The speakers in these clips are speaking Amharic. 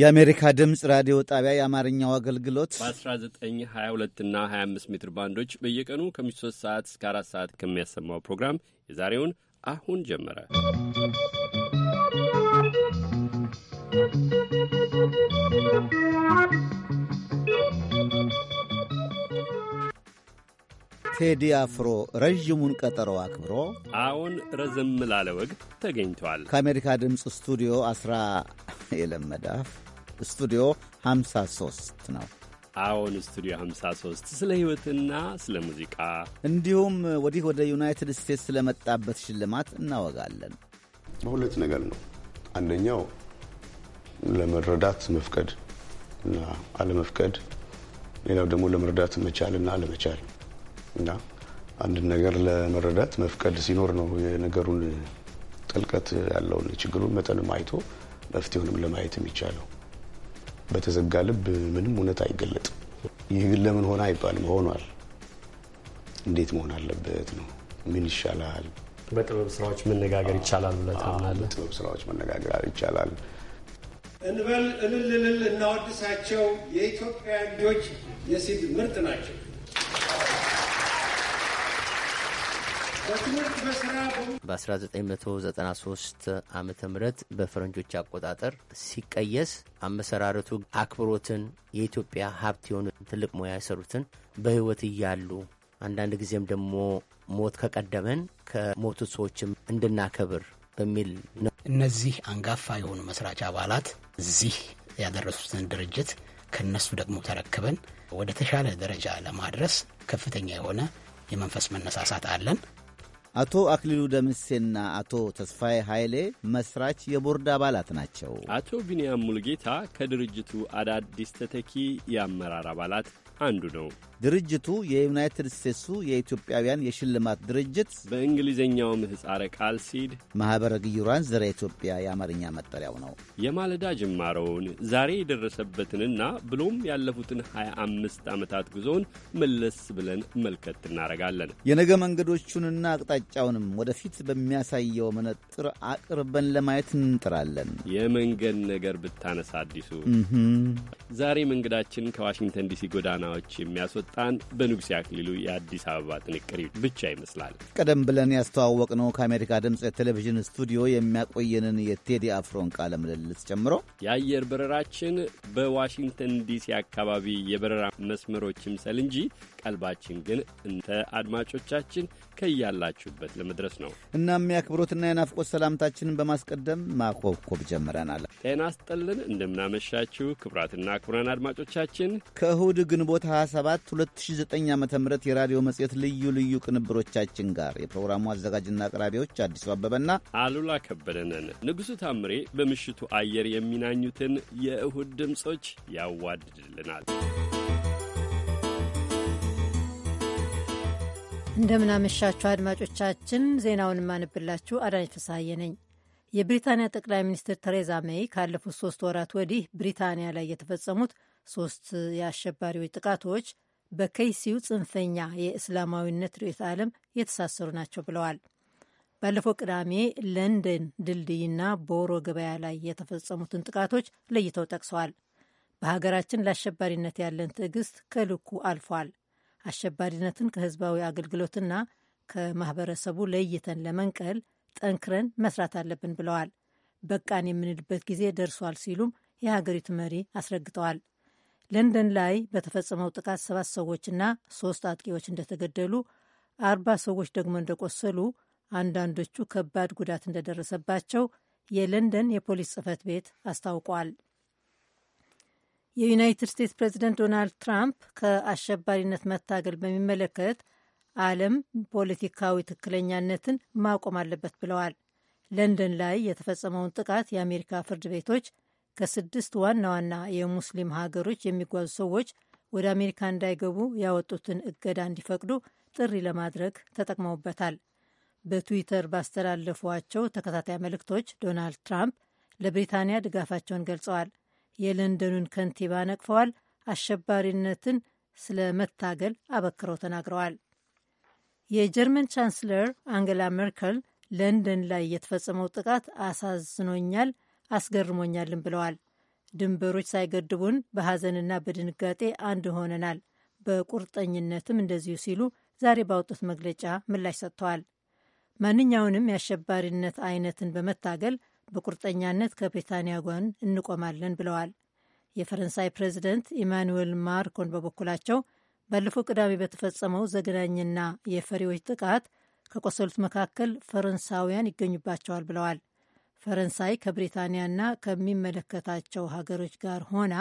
የአሜሪካ ድምፅ ራዲዮ ጣቢያ የአማርኛው አገልግሎት በ1922 እና 25 ሜትር ባንዶች በየቀኑ ከምሽቱ 3 ሰዓት እስከ 4 ሰዓት ከሚያሰማው ፕሮግራም የዛሬውን አሁን ጀመረ። ቴዲ አፍሮ ረዥሙን ቀጠሮ አክብሮ አሁን ረዘም ላለ ወግ ተገኝቷል። ከአሜሪካ ድምፅ ስቱዲዮ አስራ የለመዳፍ ስቱዲዮ 53 ነው። አዎን ስቱዲዮ 53 ስለ ሕይወትና ስለ ሙዚቃ እንዲሁም ወዲህ ወደ ዩናይትድ ስቴትስ ስለመጣበት ሽልማት እናወጋለን። በሁለት ነገር ነው። አንደኛው ለመረዳት መፍቀድ እና አለመፍቀድ፣ ሌላው ደግሞ ለመረዳት መቻል እና አለመቻል እና አንድን ነገር ለመረዳት መፍቀድ ሲኖር ነው የነገሩን ጥልቀት ያለውን ችግሩን መጠንም አይቶ መፍትሄውንም ለማየት የሚቻለው በተዘጋ ልብ ምንም እውነት አይገለጥም። ይህ ግን ለምን ሆነ አይባልም። ሆኗል። እንዴት መሆን አለበት ነው። ምን ይሻላል? በጥበብ ስራዎች መነጋገር ይቻላል ብለህ ታምናለህ? በጥበብ ስራዎች መነጋገር ይቻላል እንበል። እልል እልል እናወድሳቸው። የኢትዮጵያ ልጆች የሲድ ምርጥ ናቸው። በ1993 ዓመተ ም በፈረንጆች አቆጣጠር ሲቀየስ አመሰራረቱ አክብሮትን የኢትዮጵያ ሀብት የሆኑ ትልቅ ሙያ የሰሩትን በሕይወት እያሉ አንዳንድ ጊዜም ደግሞ ሞት ከቀደመን ከሞቱት ሰዎችም እንድናከብር በሚል ነው። እነዚህ አንጋፋ የሆኑ መስራች አባላት እዚህ ያደረሱትን ድርጅት ከነሱ ደግሞ ተረክበን ወደ ተሻለ ደረጃ ለማድረስ ከፍተኛ የሆነ የመንፈስ መነሳሳት አለን። አቶ አክሊሉ ደምሴና አቶ ተስፋዬ ኃይሌ መስራች የቦርድ አባላት ናቸው። አቶ ቢንያም ሙልጌታ ከድርጅቱ አዳዲስ ተተኪ የአመራር አባላት አንዱ ነው። ድርጅቱ የዩናይትድ ስቴትሱ የኢትዮጵያውያን የሽልማት ድርጅት በእንግሊዝኛው ምህጻረ ቃል ሲድ ማኅበረ ግዩራን ዘረ ኢትዮጵያ የአማርኛ መጠሪያው ነው። የማለዳ ጅማሮውን ዛሬ የደረሰበትንና ብሎም ያለፉትን 25 ዓመታት ጉዞውን መለስ ብለን መልከት እናደርጋለን። የነገ መንገዶቹንና አቅጣጫውንም ወደፊት በሚያሳየው መነጥር አቅርበን ለማየት እንጥራለን። የመንገድ ነገር ብታነሳ አዲሱ ዛሬ መንገዳችን ከዋሽንግተን ዲሲ ጎዳናዎች የሚያስወ ስልጣን በንጉሥ አክሊሉ የአዲስ አበባ ጥንቅር ብቻ ይመስላል። ቀደም ብለን ያስተዋወቅነው ከአሜሪካ ድምፅ የቴሌቪዥን ስቱዲዮ የሚያቆየንን የቴዲ አፍሮን ቃለ ምልልስ ጨምሮ የአየር በረራችን በዋሽንግተን ዲሲ አካባቢ የበረራ መስመሮች ይምሰል እንጂ ቀልባችን ግን እንተ አድማጮቻችን ከያላችሁበት ለመድረስ ነው። እናም የአክብሮትና የናፍቆት ሰላምታችንን በማስቀደም ማኮብኮብ ጀምረናል። ጤና ስጠልን፣ እንደምናመሻችሁ ክቡራትና ክቡራን አድማጮቻችን ከእሁድ ግንቦት 27 2009 ዓ ም የራዲዮ መጽሔት ልዩ ልዩ ቅንብሮቻችን ጋር የፕሮግራሙ አዘጋጅና አቅራቢዎች አዲሱ አበበና አሉላ ከበደነን ንጉሡ ታምሬ በምሽቱ አየር የሚናኙትን የእሁድ ድምፆች ያዋድድልናል። እንደምናመሻችሁ አድማጮቻችን፣ ዜናውን የማንብላችሁ አዳኝ ተሳየ ነኝ። የብሪታንያ ጠቅላይ ሚኒስትር ተሬዛ ሜይ ካለፉት ሶስት ወራት ወዲህ ብሪታንያ ላይ የተፈጸሙት ሶስት የአሸባሪዎች ጥቃቶች በከይሲው ጽንፈኛ የእስላማዊነት ርዕዮተ ዓለም የተሳሰሩ ናቸው ብለዋል። ባለፈው ቅዳሜ ለንደን ድልድይና ቦሮ ገበያ ላይ የተፈጸሙትን ጥቃቶች ለይተው ጠቅሰዋል። በሀገራችን ለአሸባሪነት ያለን ትዕግስት ከልኩ አልፏል አሸባሪነትን ከህዝባዊ አገልግሎትና ከማህበረሰቡ ለይተን ለመንቀል ጠንክረን መስራት አለብን ብለዋል። በቃን የምንልበት ጊዜ ደርሷል ሲሉም የሀገሪቱ መሪ አስረግጠዋል። ለንደን ላይ በተፈጸመው ጥቃት ሰባት ሰዎችና ሶስት አጥቂዎች እንደተገደሉ አርባ ሰዎች ደግሞ እንደቆሰሉ አንዳንዶቹ ከባድ ጉዳት እንደደረሰባቸው የለንደን የፖሊስ ጽህፈት ቤት አስታውቋል። የዩናይትድ ስቴትስ ፕሬዚደንት ዶናልድ ትራምፕ ከአሸባሪነት መታገል በሚመለከት ዓለም ፖለቲካዊ ትክክለኛነትን ማቆም አለበት ብለዋል። ለንደን ላይ የተፈጸመውን ጥቃት የአሜሪካ ፍርድ ቤቶች ከስድስት ዋና ዋና የሙስሊም ሀገሮች የሚጓዙ ሰዎች ወደ አሜሪካ እንዳይገቡ ያወጡትን እገዳ እንዲፈቅዱ ጥሪ ለማድረግ ተጠቅመውበታል። በትዊተር ባስተላለፏቸው ተከታታይ መልእክቶች ዶናልድ ትራምፕ ለብሪታንያ ድጋፋቸውን ገልጸዋል። የለንደኑን ከንቲባ ነቅፈዋል። አሸባሪነትን ስለ መታገል አበክረው ተናግረዋል። የጀርመን ቻንስለር አንገላ ሜርከል ለንደን ላይ የተፈጸመው ጥቃት አሳዝኖኛል፣ አስገርሞኛልም ብለዋል። ድንበሮች ሳይገድቡን በሐዘንና በድንጋጤ አንድ ሆነናል፣ በቁርጠኝነትም እንደዚሁ ሲሉ ዛሬ ባወጡት መግለጫ ምላሽ ሰጥተዋል። ማንኛውንም የአሸባሪነት አይነትን በመታገል በቁርጠኛነት ከብሪታንያ ጎን እንቆማለን ብለዋል። የፈረንሳይ ፕሬዚደንት ኢማኑዌል ማክሮን በበኩላቸው ባለፈው ቅዳሜ በተፈጸመው ዘግናኝና የፈሪዎች ጥቃት ከቆሰሉት መካከል ፈረንሳውያን ይገኙባቸዋል ብለዋል። ፈረንሳይ ከብሪታንያና ከሚመለከታቸው ሀገሮች ጋር ሆና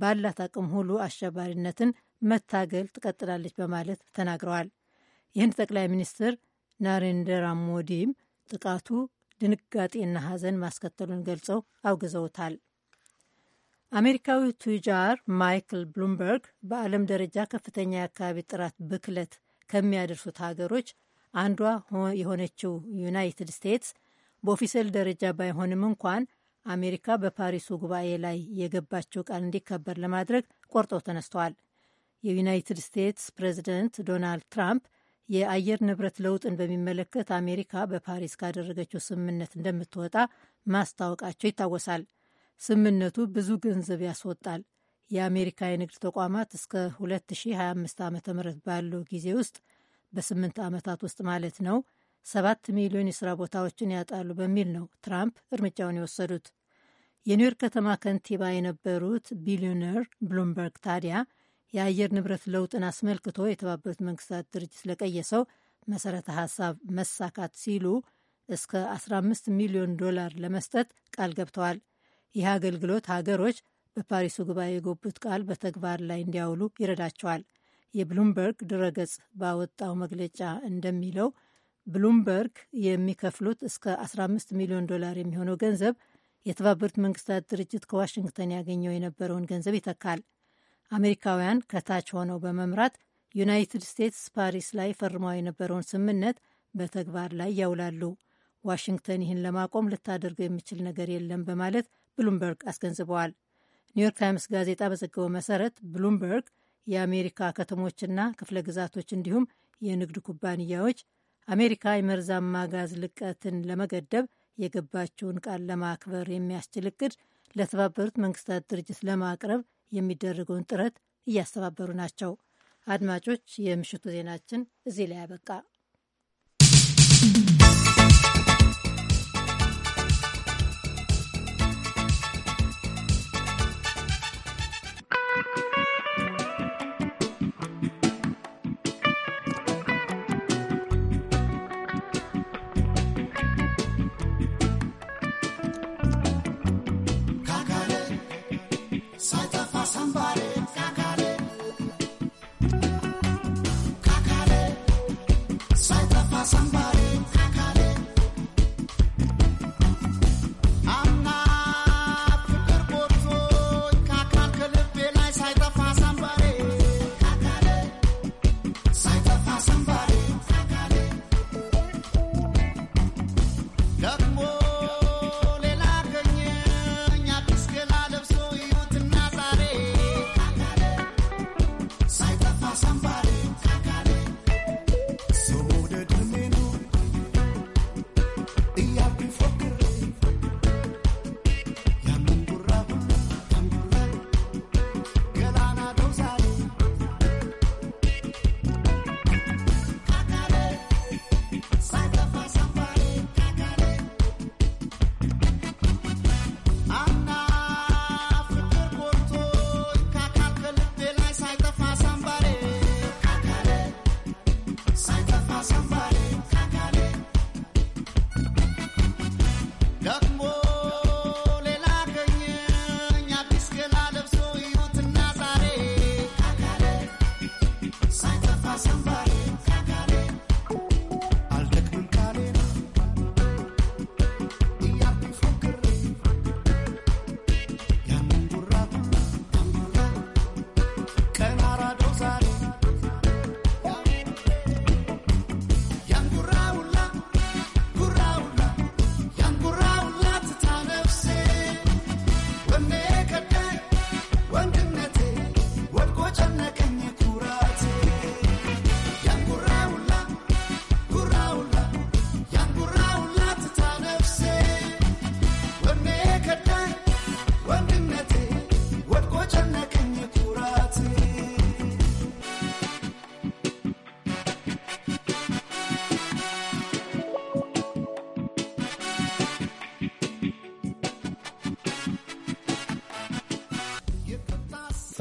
ባላት አቅም ሁሉ አሸባሪነትን መታገል ትቀጥላለች በማለት ተናግረዋል። ይህን ጠቅላይ ሚኒስትር ናሬንደራ ሞዲም ጥቃቱ ድንጋጤና ሐዘን ማስከተሉን ገልጸው አውግዘውታል። አሜሪካዊ ቱጃር ማይክል ብሉምበርግ በዓለም ደረጃ ከፍተኛ የአካባቢ ጥራት ብክለት ከሚያደርሱት ሀገሮች አንዷ የሆነችው ዩናይትድ ስቴትስ በኦፊሴል ደረጃ ባይሆንም እንኳን አሜሪካ በፓሪሱ ጉባኤ ላይ የገባችው ቃል እንዲከበር ለማድረግ ቆርጠው ተነስተዋል። የዩናይትድ ስቴትስ ፕሬዚደንት ዶናልድ ትራምፕ የአየር ንብረት ለውጥን በሚመለከት አሜሪካ በፓሪስ ካደረገችው ስምምነት እንደምትወጣ ማስታወቃቸው ይታወሳል። ስምምነቱ ብዙ ገንዘብ ያስወጣል። የአሜሪካ የንግድ ተቋማት እስከ 2025 ዓ ም ባለው ጊዜ ውስጥ በስምንት ዓመታት ውስጥ ማለት ነው ሰባት ሚሊዮን የሥራ ቦታዎችን ያጣሉ በሚል ነው ትራምፕ እርምጃውን የወሰዱት። የኒውዮርክ ከተማ ከንቲባ የነበሩት ቢሊዮነር ብሉምበርግ ታዲያ የአየር ንብረት ለውጥን አስመልክቶ የተባበሩት መንግስታት ድርጅት ለቀየሰው መሰረተ ሀሳብ መሳካት ሲሉ እስከ 15 ሚሊዮን ዶላር ለመስጠት ቃል ገብተዋል። ይህ አገልግሎት ሀገሮች በፓሪሱ ጉባኤ የገቡት ቃል በተግባር ላይ እንዲያውሉ ይረዳቸዋል። የብሉምበርግ ድረገጽ ባወጣው መግለጫ እንደሚለው ብሉምበርግ የሚከፍሉት እስከ 15 ሚሊዮን ዶላር የሚሆነው ገንዘብ የተባበሩት መንግስታት ድርጅት ከዋሽንግተን ያገኘው የነበረውን ገንዘብ ይተካል። አሜሪካውያን ከታች ሆነው በመምራት ዩናይትድ ስቴትስ ፓሪስ ላይ ፈርመው የነበረውን ስምምነት በተግባር ላይ ያውላሉ። ዋሽንግተን ይህን ለማቆም ልታደርገው የሚችል ነገር የለም በማለት ብሉምበርግ አስገንዝበዋል። ኒውዮርክ ታይምስ ጋዜጣ በዘገበው መሰረት ብሉምበርግ የአሜሪካ ከተሞችና ክፍለ ግዛቶች እንዲሁም የንግድ ኩባንያዎች አሜሪካ የመርዛማ ጋዝ ልቀትን ለመገደብ የገባችውን ቃል ለማክበር የሚያስችል እቅድ ለተባበሩት መንግስታት ድርጅት ለማቅረብ የሚደረገውን ጥረት እያስተባበሩ ናቸው። አድማጮች፣ የምሽቱ ዜናችን እዚህ ላይ ያበቃ።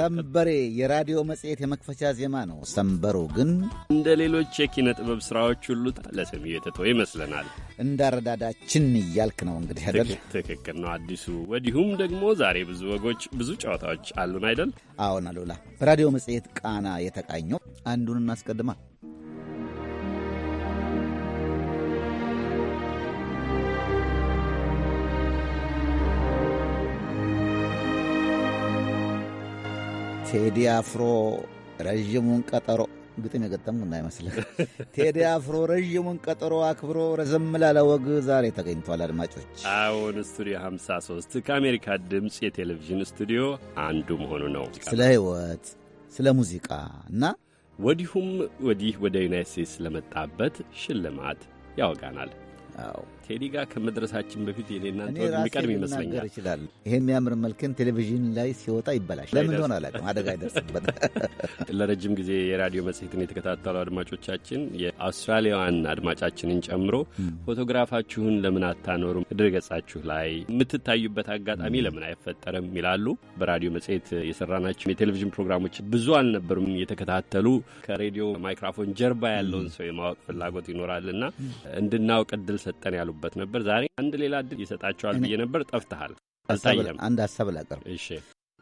ሰንበሬ የራዲዮ መጽሔት የመክፈቻ ዜማ ነው። ሰንበሩ ግን እንደ ሌሎች የኪነ ጥበብ ሥራዎች ሁሉ ለሰሚ የተተወ ይመስለናል። እንዳረዳዳችን እያልክ ነው እንግዲህ አይደል? ትክክል ነው አዲሱ። ወዲሁም ደግሞ ዛሬ ብዙ ወጎች፣ ብዙ ጨዋታዎች አሉን አይደል? አዎን አሉላ። በራዲዮ መጽሔት ቃና የተቃኘው አንዱን እናስቀድማል። ቴዲ አፍሮ ረዥሙን ቀጠሮ ግጥም የገጠሙ እንዳይመስልህ። ቴዲ አፍሮ ረዥሙን ቀጠሮ አክብሮ ረዘም ላለ ወግ ዛሬ ተገኝቷል። አድማጮች፣ አዎን ስቱዲዮ 53 ከአሜሪካ ድምፅ የቴሌቪዥን ስቱዲዮ አንዱ መሆኑ ነው። ስለ ህይወት፣ ስለ ሙዚቃ እና ወዲሁም ወዲህ ወደ ዩናይት ስቴትስ ለመጣበት ሽልማት ያወጋናል። ቴዲ ጋር ከመድረሳችን በፊት የእናንተ የሚቀድም ይመስለኛል ይችላል። ይሄ የሚያምር መልክን ቴሌቪዥን ላይ ሲወጣ ይበላሽ። ለምን ሆነ አላውቅም። አደጋ ይደርስበት። ለረጅም ጊዜ የራዲዮ መጽሔትን የተከታተሉ አድማጮቻችን የአውስትራሊያዋን አድማጫችንን ጨምሮ ፎቶግራፋችሁን ለምን አታኖሩም ድረ ገጻችሁ ላይ የምትታዩበት አጋጣሚ ለምን አይፈጠርም ይላሉ። በራዲዮ መጽሔት የሰራናቸው የቴሌቪዥን ፕሮግራሞች ብዙ አልነበሩም። የተከታተሉ ከሬዲዮ ማይክሮፎን ጀርባ ያለውን ሰው የማወቅ ፍላጎት ይኖራልና እንድናውቅ እድል ሰጠን ያሉበት ነበር። ዛሬ አንድ ሌላ እድል ይሰጣቸዋል ብዬ ነበር። ጠፍተሃል፣ አልታየም። አንድ ሀሳብ ላቀርብ። እሺ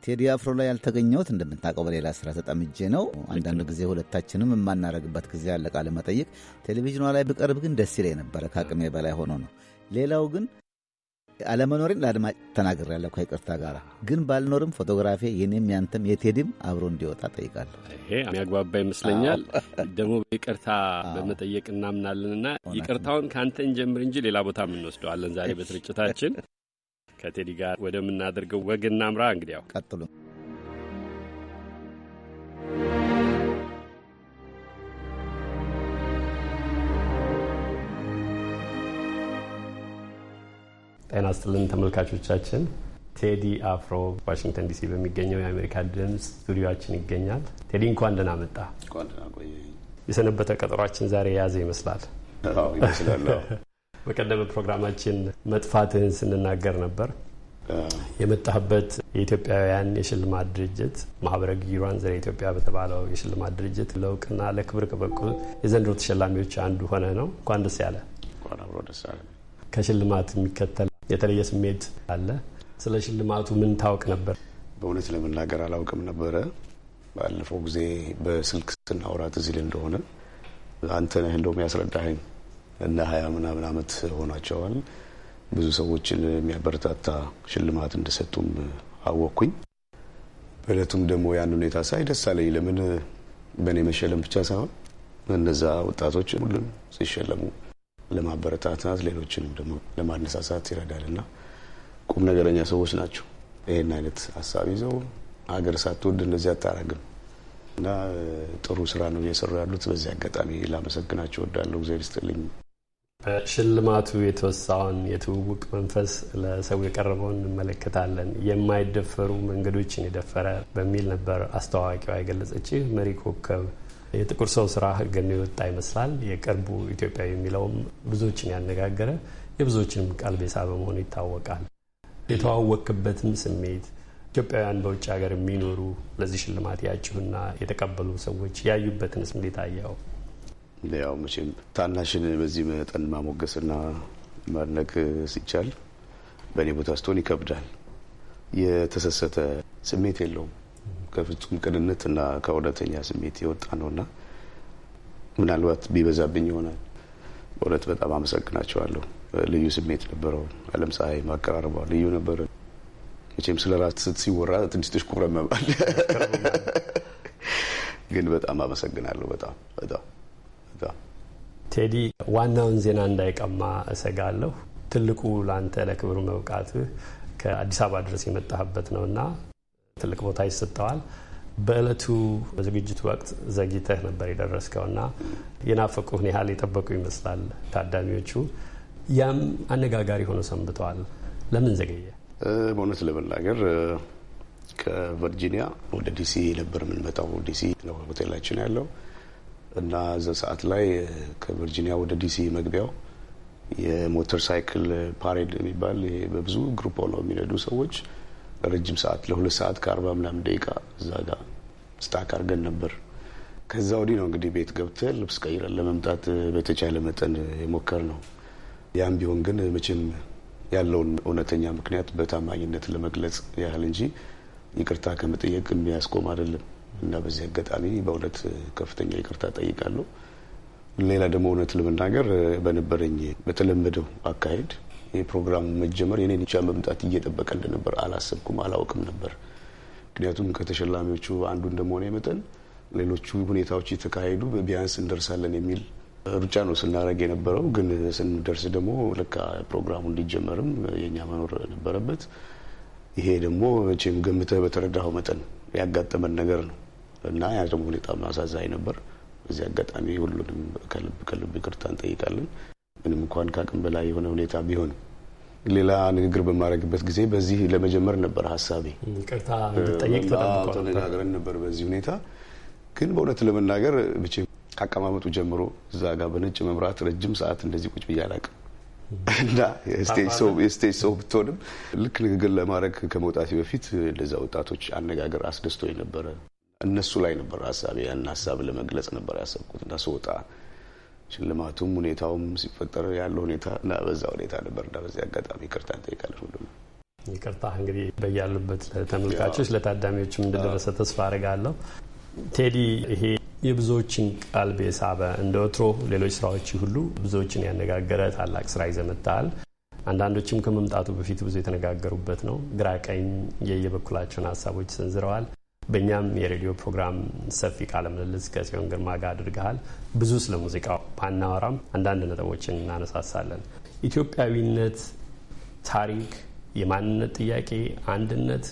ቴዲ አፍሮ ላይ ያልተገኘሁት እንደምታውቀው በሌላ ስራ ተጠምጄ ነው። አንዳንድ ጊዜ ሁለታችንም የማናረግበት ጊዜ አለ ቃለ መጠይቅ። ቴሌቪዥኗ ላይ ብቀርብ ግን ደስ ይለኝ ነበረ፣ ከአቅሜ በላይ ሆኖ ነው። ሌላው ግን አለመኖሬን ለአድማጭ ተናግሬያለሁ። ከይቅርታ ጋር ግን ባልኖርም ፎቶግራፊ የኔም ያንተም የቴዲም አብሮ እንዲወጣ ጠይቃለሁ። ይሄ የሚያግባባ ይመስለኛል። ደግሞ ይቅርታ በመጠየቅ እናምናለንና ይቅርታውን ከአንተን ጀምር እንጂ ሌላ ቦታ የምንወስደዋለን። ዛሬ በስርጭታችን ከቴዲ ጋር ወደምናደርገው ወግ እናምራ። እንግዲያው ቀጥሉ። ጤና ስጥልን ተመልካቾቻችን። ቴዲ አፍሮ ዋሽንግተን ዲሲ በሚገኘው የአሜሪካ ድምፅ ስቱዲዮችን ይገኛል። ቴዲ እንኳን ደህና መጣ። የሰነበተ ቀጠሯችን ዛሬ የያዘ ይመስላል ይመስላል። በቀደመ ፕሮግራማችን መጥፋትህን ስንናገር ነበር። የመጣህበት የኢትዮጵያውያን የሽልማት ድርጅት ማህበረ ጊሯን ዘ ኢትዮጵያ በተባለው የሽልማት ድርጅት ለእውቅና ለክብር ከበቁ የዘንድሮ ተሸላሚዎች አንዱ ሆነ ነው። እንኳን ደስ ያለ። ከሽልማት የሚከተል የተለየ ስሜት አለ? ስለ ሽልማቱ ምን ታውቅ ነበር? በእውነት ለመናገር አላውቅም ነበረ። ባለፈው ጊዜ በስልክ ስናወራ ትዝ ይል እንደሆነ አንተ ነህ እንደውም ያስረዳኸኝ እና ሀያ ምናምን አመት ሆኗቸዋል። ብዙ ሰዎችን የሚያበረታታ ሽልማት እንደሰጡም አወቅኩኝ። በእለቱም ደግሞ ያን ሁኔታ ሳይ ደስ አለኝ። ለምን በእኔ መሸለም ብቻ ሳይሆን እነዛ ወጣቶች ሁሉም ሲሸለሙ ለማበረታታት ሌሎችንም ደግሞ ለማነሳሳት ይረዳልና ቁም ነገረኛ ሰዎች ናቸው። ይህን አይነት ሀሳብ ይዘው ሀገር ሳትወድ እንደዚህ አታረግም እና ጥሩ ስራ ነው እየሰሩ ያሉት። በዚህ አጋጣሚ ላመሰግናቸው ወዳለሁ። እግዚአብሔር ይስጥልኝ። በሽልማቱ የተወሳውን የትውውቅ መንፈስ ለሰው የቀረበውን እንመለከታለን። የማይደፈሩ መንገዶችን የደፈረ በሚል ነበር አስተዋዋቂዋ የገለጸችህ መሪ ኮከብ የጥቁር ሰው ስራ ህግ የወጣ ይመስላል። የቅርቡ ኢትዮጵያ የሚለውም ብዙዎችን ያነጋገረ የብዙዎችንም ቀልብ የሳበ በመሆኑ ይታወቃል። የተዋወቅበትም ስሜት ኢትዮጵያውያን በውጭ ሀገር የሚኖሩ ለዚህ ሽልማት ያጭሁና የተቀበሉ ሰዎች ያዩበትን ስም ሊታየው ያው መቼም ታናሽን በዚህ መጠን ማሞገስና ማድነቅ ሲቻል በእኔ ቦታ ስትሆን ይከብዳል። የተሰሰተ ስሜት የለውም። ከፍጹም ቅንነት እና ከእውነተኛ ስሜት የወጣ ነውና ምናልባት ቢበዛብኝ ይሆናል። በእውነት በጣም አመሰግናቸዋለሁ። ልዩ ስሜት ነበረው። አለም ፀሐይ ማቀራረቧ ልዩ ነበረ። መቼም ስለ ራት ሲወራ ትንሽ ተሽኩረ መባል ግን በጣም አመሰግናለሁ። በጣም በጣም በጣም ቴዲ፣ ዋናውን ዜና እንዳይቀማ እሰጋለሁ። ትልቁ ለአንተ ለክብር መብቃትህ ከአዲስ አበባ ድረስ የመጣህበት ነውና ትልቅ ቦታ ይሰጠዋል። በእለቱ በዝግጅቱ ወቅት ዘግይተህ ነበር የደረስከው የደረስከውና የናፈቁህን ያህል የጠበቁ ይመስላል ታዳሚዎቹ። ያም አነጋጋሪ ሆኖ ሰንብተዋል። ለምን ዘገየ? በእውነት ለመናገር ከቨርጂኒያ ወደ ዲሲ ነበር የምንመጣው። ዲሲ ነው ሆቴላችን ያለው እና እዛ ሰዓት ላይ ከቨርጂኒያ ወደ ዲሲ መግቢያው የሞተር ሳይክል ፓሬድ የሚባል በብዙ ግሩፕ ሆነው የሚነዱ ሰዎች ረጅም ሰዓት ለሁለት ሰዓት ከአርባ ምናምን ደቂቃ እዛ ጋር ስታክ አድርገን ነበር። ከዛ ወዲህ ነው እንግዲህ ቤት ገብተ ልብስ ቀይረን ለመምጣት በተቻለ መጠን የሞከር ነው። ያም ቢሆን ግን መቼም ያለውን እውነተኛ ምክንያት በታማኝነት ለመግለጽ ያህል እንጂ ይቅርታ ከመጠየቅ የሚያስቆም አይደለም እና በዚህ አጋጣሚ በእውነት ከፍተኛ ይቅርታ ጠይቃለሁ። ሌላ ደግሞ እውነት ለመናገር በነበረኝ በተለመደው አካሄድ የፕሮግራሙ መጀመር የኔን ብቻ መምጣት እየጠበቀ እንደነበር አላሰብኩም፣ አላውቅም ነበር። ምክንያቱም ከተሸላሚዎቹ አንዱ እንደመሆነ መጠን ሌሎቹ ሁኔታዎች የተካሄዱ ቢያንስ እንደርሳለን የሚል ሩጫ ነው ስናደርግ የነበረው። ግን ስንደርስ ደግሞ ልካ ፕሮግራሙ እንዲጀመርም የእኛ መኖር ነበረበት። ይሄ ደግሞ መቼም ገምተህ በተረዳኸው መጠን ያጋጠመን ነገር ነው እና ያ ደግሞ በጣም አሳዛኝ ነበር። በዚህ አጋጣሚ ሁሉንም ከልብ ከልብ ይቅርታ እንጠይቃለን። ምንም እንኳን ከአቅም በላይ የሆነ ሁኔታ ቢሆንም ሌላ ንግግር በማድረግበት ጊዜ በዚህ ለመጀመር ነበር ሀሳቤ። ይቅርታ እንድጠይቅ ተነጋግረን ነበር። በዚህ ሁኔታ ግን በእውነት ለመናገር ብቼ ከአቀማመጡ ጀምሮ እዛ ጋር በነጭ መብራት ረጅም ሰዓት እንደዚህ ቁጭ ብዬ አላውቅም እና የስቴጅ ሰው ብትሆንም ልክ ንግግር ለማድረግ ከመውጣቴ በፊት እንደዛ ወጣቶች አነጋገር አስደስቶ ነበረ። እነሱ ላይ ነበር ሀሳቤ ያን ሀሳብ ለመግለጽ ነበር ያሰብኩት እና ስወጣ ሽልማቱም ሁኔታውም ሲፈጠር ያለው ሁኔታ እና በዛ ሁኔታ እና በዚህ አጋጣሚ ይቅርታ እንጠይቃለን። ሁሉም ይቅርታ እንግዲህ በያሉበት ለተመልካቾች ለታዳሚዎችም እንደደረሰ ተስፋ አድርጋለሁ። ቴዲ ይሄ የብዙዎችን ቀልብ የሳበ እንደ ወትሮ ሌሎች ስራዎች ሁሉ ብዙዎችን ያነጋገረ ታላቅ ስራ ይዘህ አንዳንዶችም ከመምጣቱ በፊት ብዙ የተነጋገሩበት ነው። ግራ ቀኝ የየበኩላቸውን ሀሳቦች ሰንዝረዋል። በእኛም የሬዲዮ ፕሮግራም ሰፊ ቃለ ምልልስ ከጽዮን ግርማ ጋር አድርገሃል። ብዙ ስለ ሙዚቃው ባናወራም አንዳንድ ነጥቦችን እናነሳሳለን። ኢትዮጵያዊነት፣ ታሪክ፣ የማንነት ጥያቄ፣ አንድነት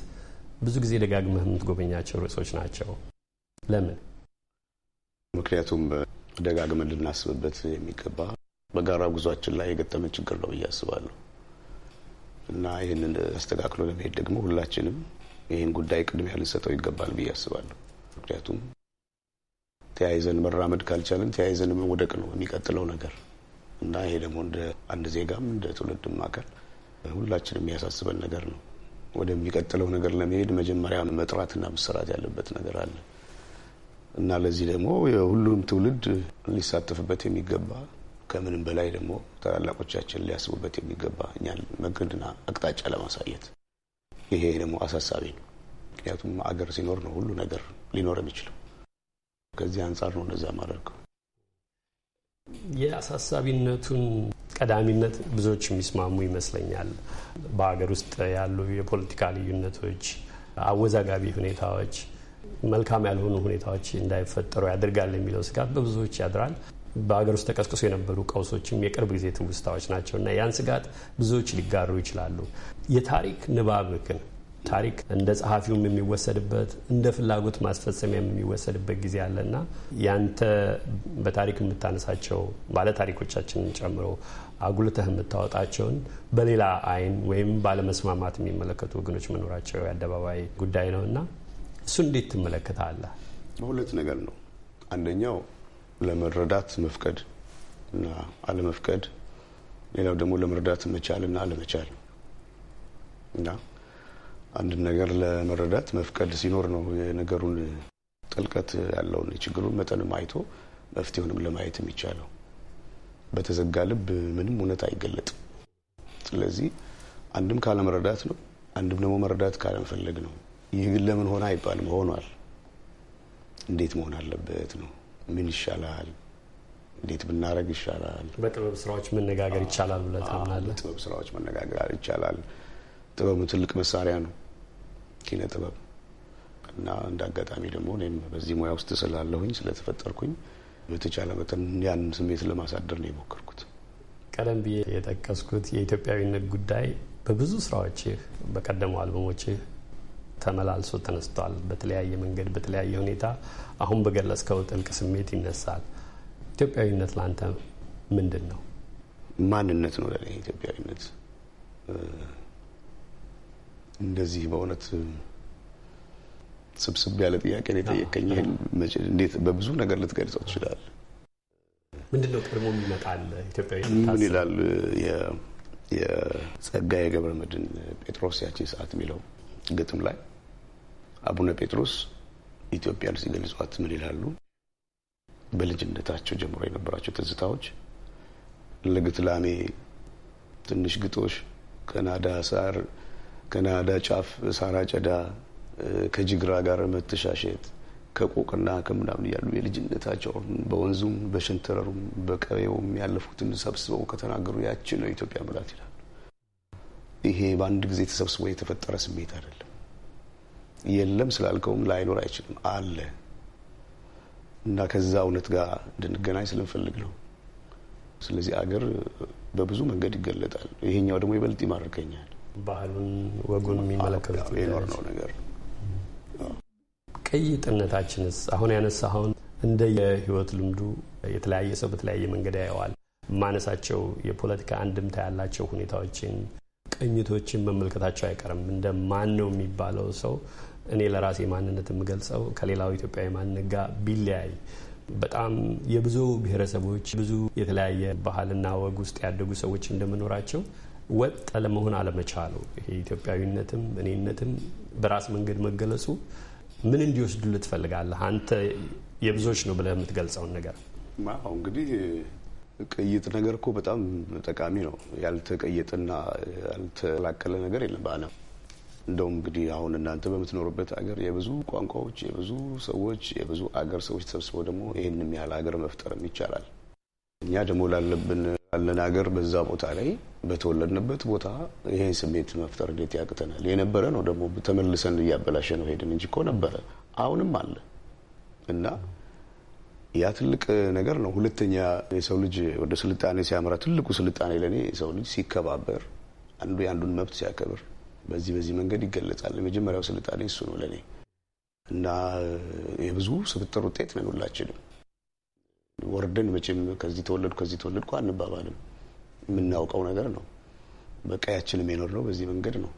ብዙ ጊዜ ደጋግመህ የምትጎበኛቸው ርዕሶች ናቸው። ለምን? ምክንያቱም ደጋግመን ልናስብበት የሚገባ በጋራ ጉዟችን ላይ የገጠመ ችግር ነው ብዬ አስባለሁ እና ይህንን አስተካክሎ ለመሄድ ደግሞ ሁላችንም ይህን ጉዳይ ቅድሚያ ልንሰጠው ይገባል ብዬ አስባለሁ። ምክንያቱም ተያይዘን መራመድ ካልቻለን ተያይዘን መውደቅ ነው የሚቀጥለው ነገር እና ይሄ ደግሞ እንደ አንድ ዜጋም እንደ ትውልድም አካል ሁላችንም የሚያሳስበን ነገር ነው። ወደሚቀጥለው ነገር ለመሄድ መጀመሪያ መጥራትና መሰራት ያለበት ነገር አለ እና ለዚህ ደግሞ የሁሉም ትውልድ ሊሳተፍበት የሚገባ ከምንም በላይ ደግሞ ታላላቆቻችን ሊያስቡበት የሚገባ እኛን መንገድና አቅጣጫ ለማሳየት ይሄ ደግሞ አሳሳቢ ነው። ምክንያቱም አገር ሲኖር ነው ሁሉ ነገር ሊኖር የሚችለው። ከዚህ አንጻር ነው እንደዛ ማደርገው። የአሳሳቢነቱን ቀዳሚነት ብዙዎች የሚስማሙ ይመስለኛል። በሀገር ውስጥ ያሉ የፖለቲካ ልዩነቶች፣ አወዛጋቢ ሁኔታዎች መልካም ያልሆኑ ሁኔታዎች እንዳይፈጠሩ ያደርጋል የሚለው ስጋት በብዙዎች ያድራል። በሀገር ውስጥ ተቀስቅሶ የነበሩ ቀውሶችም የቅርብ ጊዜ ትውስታዎች ናቸው እና ያን ስጋት ብዙዎች ሊጋሩ ይችላሉ። የታሪክ ንባብ ግን ታሪክ እንደ ጸሐፊውም የሚወሰድበት እንደ ፍላጎት ማስፈጸሚያም የሚወሰድበት ጊዜ አለና ያንተ በታሪክ የምታነሳቸው ባለታሪኮቻችንን ጨምሮ አጉልተህ የምታወጣቸውን በሌላ አይን ወይም ባለመስማማት የሚመለከቱ ወገኖች መኖራቸው የአደባባይ ጉዳይ ነው እና እሱ እንዴት ትመለከታለህ? በሁለት ነገር ነው። አንደኛው ለመረዳት መፍቀድ እና አለመፍቀድ፣ ሌላው ደግሞ ለመረዳት መቻል እና አለመቻል እና አንድን ነገር ለመረዳት መፍቀድ ሲኖር ነው የነገሩን ጥልቀት ያለውን ችግሩን መጠንም አይቶ መፍትሄውንም ለማየት የሚቻለው። በተዘጋ ልብ ምንም እውነት አይገለጥም። ስለዚህ አንድም ካለመረዳት ነው፣ አንድም ደግሞ መረዳት ካለመፈለግ ነው። ይህ ግን ለምን ሆነ አይባልም፣ ሆኗል። እንዴት መሆን አለበት ነው ምን ይሻላል፣ እንዴት ብናደረግ ይሻላል፣ በጥበብ ስራዎች መነጋገር ይቻላል ብለህ ታምናለህ? በጥበብ ስራዎች መነጋገር ይቻላል። ጥበቡ ትልቅ መሳሪያ ነው፣ ኪነ ጥበብ እና እንደ አጋጣሚ ደግሞ እኔም በዚህ ሙያ ውስጥ ስላለሁኝ ስለተፈጠርኩኝ በተቻለ መጠን ያን ስሜት ለማሳደር ነው የሞከርኩት። ቀደም ብዬ የጠቀስኩት የኢትዮጵያዊነት ጉዳይ በብዙ ስራዎችህ በቀደሙ አልበሞችህ ተመላልሶ ተነስቷል። በተለያየ መንገድ በተለያየ ሁኔታ አሁን በገለጽከው ጥልቅ ስሜት ይነሳል። ኢትዮጵያዊነት ለአንተ ምንድን ነው? ማንነት ነው ለእኔ ኢትዮጵያዊነት። እንደዚህ በእውነት ስብስብ ያለ ጥያቄ የጠየቀኝ እንዴት በብዙ ነገር ልትገልጸው ትችላል? ምንድነው ቀድሞ የሚመጣል? ኢትዮጵያዊ ምን ይላል? የጸጋዬ ገብረ መድኅን ጴጥሮስ ያቺ ሰዓት የሚለው ግጥም ላይ አቡነ ጴጥሮስ ኢትዮጵያን ሲገልጿት ምን ይላሉ? በልጅነታቸው ጀምሮ የነበራቸው ትዝታዎች ለግትላሜ ትንሽ ግጦሽ፣ ከናዳ ሳር፣ ከናዳ ጫፍ ሳር አጨዳ፣ ከጅግራ ጋር መተሻሸት፣ ከቆቅና ከምናምን እያሉ የልጅነታቸውን በወንዙም በሸንተረሩም በቀበውም ያለፉትን ሰብስበው ከተናገሩ ያችን ነው ኢትዮጵያ ምላት ይላሉ። ይሄ በአንድ ጊዜ ተሰብስቦ የተፈጠረ ስሜት አይደለም። የለም ስላልከውም ላይኖር አይችልም አለ እና ከዛ እውነት ጋር እንድንገናኝ ስለምፈልግ ነው። ስለዚህ አገር በብዙ መንገድ ይገለጣል። ይሄኛው ደግሞ ይበልጥ ይማርከኛል። ባህሉን ወጉን የሚመለከቱት የኖር ነው ነገር ቅይጥነታችንስ አሁን ያነሳኸውን እንደ የህይወት ልምዱ የተለያየ ሰው በተለያየ መንገድ ያየዋል። ማነሳቸው የፖለቲካ አንድምታ ያላቸው ሁኔታዎችን ቅኝቶችን መመልከታቸው አይቀርም። እንደ ማን ነው የሚባለው ሰው እኔ ለራሴ ማንነት የምገልጸው ከሌላው ኢትዮጵያዊ ማንነት ጋር ቢለያይ በጣም የብዙ ብሔረሰቦች ብዙ የተለያየ ባህልና ወግ ውስጥ ያደጉ ሰዎች እንደመኖራቸው ወጥ ለመሆን አለመቻሉ ይሄ ኢትዮጵያዊነትም እኔነትም በራስ መንገድ መገለጹ ምን እንዲወስዱ ልትፈልጋለህ አንተ የብዙዎች ነው ብለህ የምትገልጸውን ነገር? አዎ እንግዲህ ቅይጥ ነገር እኮ በጣም ጠቃሚ ነው። ያልተቀየጠና ያልተላከለ ነገር የለም በዓለም እንደውም እንግዲህ አሁን እናንተ በምትኖሩበት አገር የብዙ ቋንቋዎች፣ የብዙ ሰዎች፣ የብዙ አገር ሰዎች ተሰብስበው ደግሞ ይህንም ያህል አገር መፍጠርም ይቻላል። እኛ ደግሞ ላለብን ያለን አገር በዛ ቦታ ላይ በተወለድንበት ቦታ ይህን ስሜት መፍጠር እንዴት ያቅተናል? የነበረ ነው ደግሞ ተመልሰን እያበላሸ ነው ሄድን እንጂ እኮ ነበረ፣ አሁንም አለ እና ያ ትልቅ ነገር ነው። ሁለተኛ የሰው ልጅ ወደ ስልጣኔ ሲያመራ ትልቁ ስልጣኔ ለእኔ የሰው ልጅ ሲከባበር፣ አንዱ የአንዱን መብት ሲያከብር በዚህ በዚህ መንገድ ይገለጻል። የመጀመሪያው ስልጣኔ እሱ ነው ለእኔ እና የብዙ ስብጥር ውጤት ነን ሁላችንም። ወርደን መቼም ከዚህ ተወለድኩ ከዚህ ተወለድኩ አንባባልም። የምናውቀው ነገር ነው። በቀያችንም የኖር ነው። በዚህ መንገድ ነው።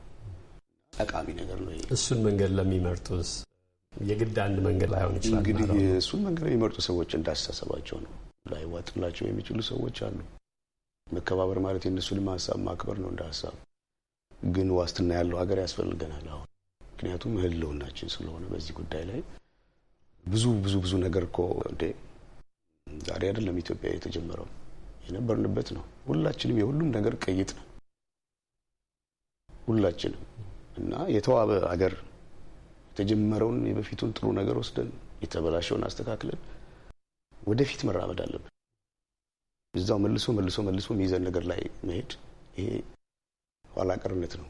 ጠቃሚ ነገር ነው። እሱን መንገድ ለሚመርጡስ የግድ አንድ መንገድ ላይሆን ይችላል። እንግዲህ እሱን መንገድ የሚመርጡ ሰዎች እንዳስተሳሰባቸው ነው። ላይዋጥላቸው የሚችሉ ሰዎች አሉ። መከባበር ማለት የእነሱንም ሀሳብ ማክበር ነው እንደ ሀሳብ ግን ዋስትና ያለው ሀገር ያስፈልገናል አሁን ምክንያቱም ህልውናችን ስለሆነ በዚህ ጉዳይ ላይ ብዙ ብዙ ብዙ ነገር እኮ እንዴ ዛሬ አይደለም ኢትዮጵያ የተጀመረው የነበርንበት ነው። ሁላችንም የሁሉም ነገር ቀይጥ ነው ሁላችንም እና የተዋበ ሀገር የተጀመረውን የበፊቱን ጥሩ ነገር ወስደን የተበላሸውን አስተካክለን ወደፊት መራመድ አለብን። እዛው መልሶ መልሶ መልሶ የሚይዘን ነገር ላይ መሄድ ይሄ ኋላቀርነት ነው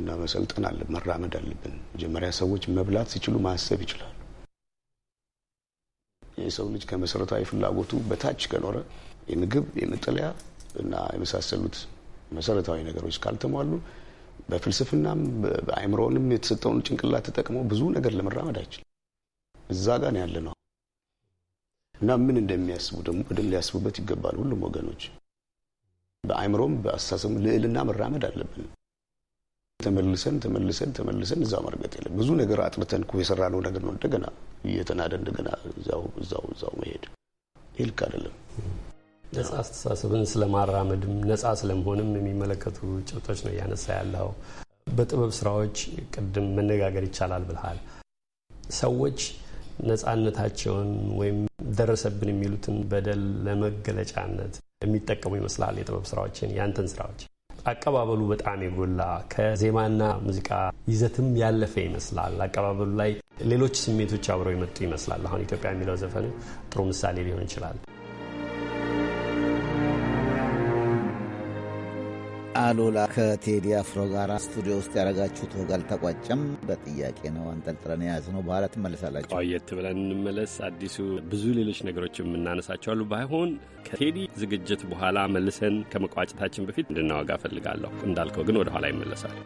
እና መሰልጠን አለ መራመድ አለብን። መጀመሪያ ሰዎች መብላት ሲችሉ ማሰብ ይችላሉ። የሰው ልጅ ከመሰረታዊ ፍላጎቱ በታች ከኖረ የምግብ የመጠለያ እና የመሳሰሉት መሰረታዊ ነገሮች ካልተሟሉ በፍልስፍናም በአእምሮንም የተሰጠውን ጭንቅላት ተጠቅሞ ብዙ ነገር ለመራመድ አይችልም። እዛ ጋር ያለ ነው እና ምን እንደሚያስቡ ደግሞ በደንብ ሊያስቡበት ይገባል ሁሉም ወገኖች። በአእምሮም በአስተሳሰብም ልዕልና መራመድ አለብን። ተመልሰን ተመልሰን ተመልሰን እዛው መርገጥ የለም። ብዙ ነገር አጥርተን እኮ የሰራነው ነገር ነው። እንደገና እየተናደ እንደገና እዛው እዛው እዛው መሄድ ይልክ አይደለም። ነጻ አስተሳሰብን ስለማራመድም ነጻ ስለመሆንም የሚመለከቱ ጭብጦች ነው እያነሳ ያለው። በጥበብ ስራዎች ቅድም መነጋገር ይቻላል ብልሃል። ሰዎች ነጻነታቸውን ወይም ደረሰብን የሚሉትን በደል ለመገለጫነት የሚጠቀሙ ይመስላል የጥበብ ስራዎችን ያንተን ስራዎች አቀባበሉ በጣም የጎላ ከዜማና ሙዚቃ ይዘትም ያለፈ ይመስላል። አቀባበሉ ላይ ሌሎች ስሜቶች አብረው የመጡ ይመስላል። አሁን ኢትዮጵያ የሚለው ዘፈን ጥሩ ምሳሌ ሊሆን ይችላል። አሉላ ከቴዲ አፍሮ ጋር ስቱዲዮ ውስጥ ያደረጋችሁት ወግ አልተቋጨም። በጥያቄ ነው አንጠልጥለን የያዝነው። በኋላ ትመለሳላችሁ። ቆየት ብለን እንመለስ። አዲሱ ብዙ ሌሎች ነገሮች የምናነሳቸዋሉ። ባይሆን ከቴዲ ዝግጅት በኋላ መልሰን ከመቋጨታችን በፊት እንድናወጋ ፈልጋለሁ። እንዳልከው ግን ወደኋላ ይመለሳል።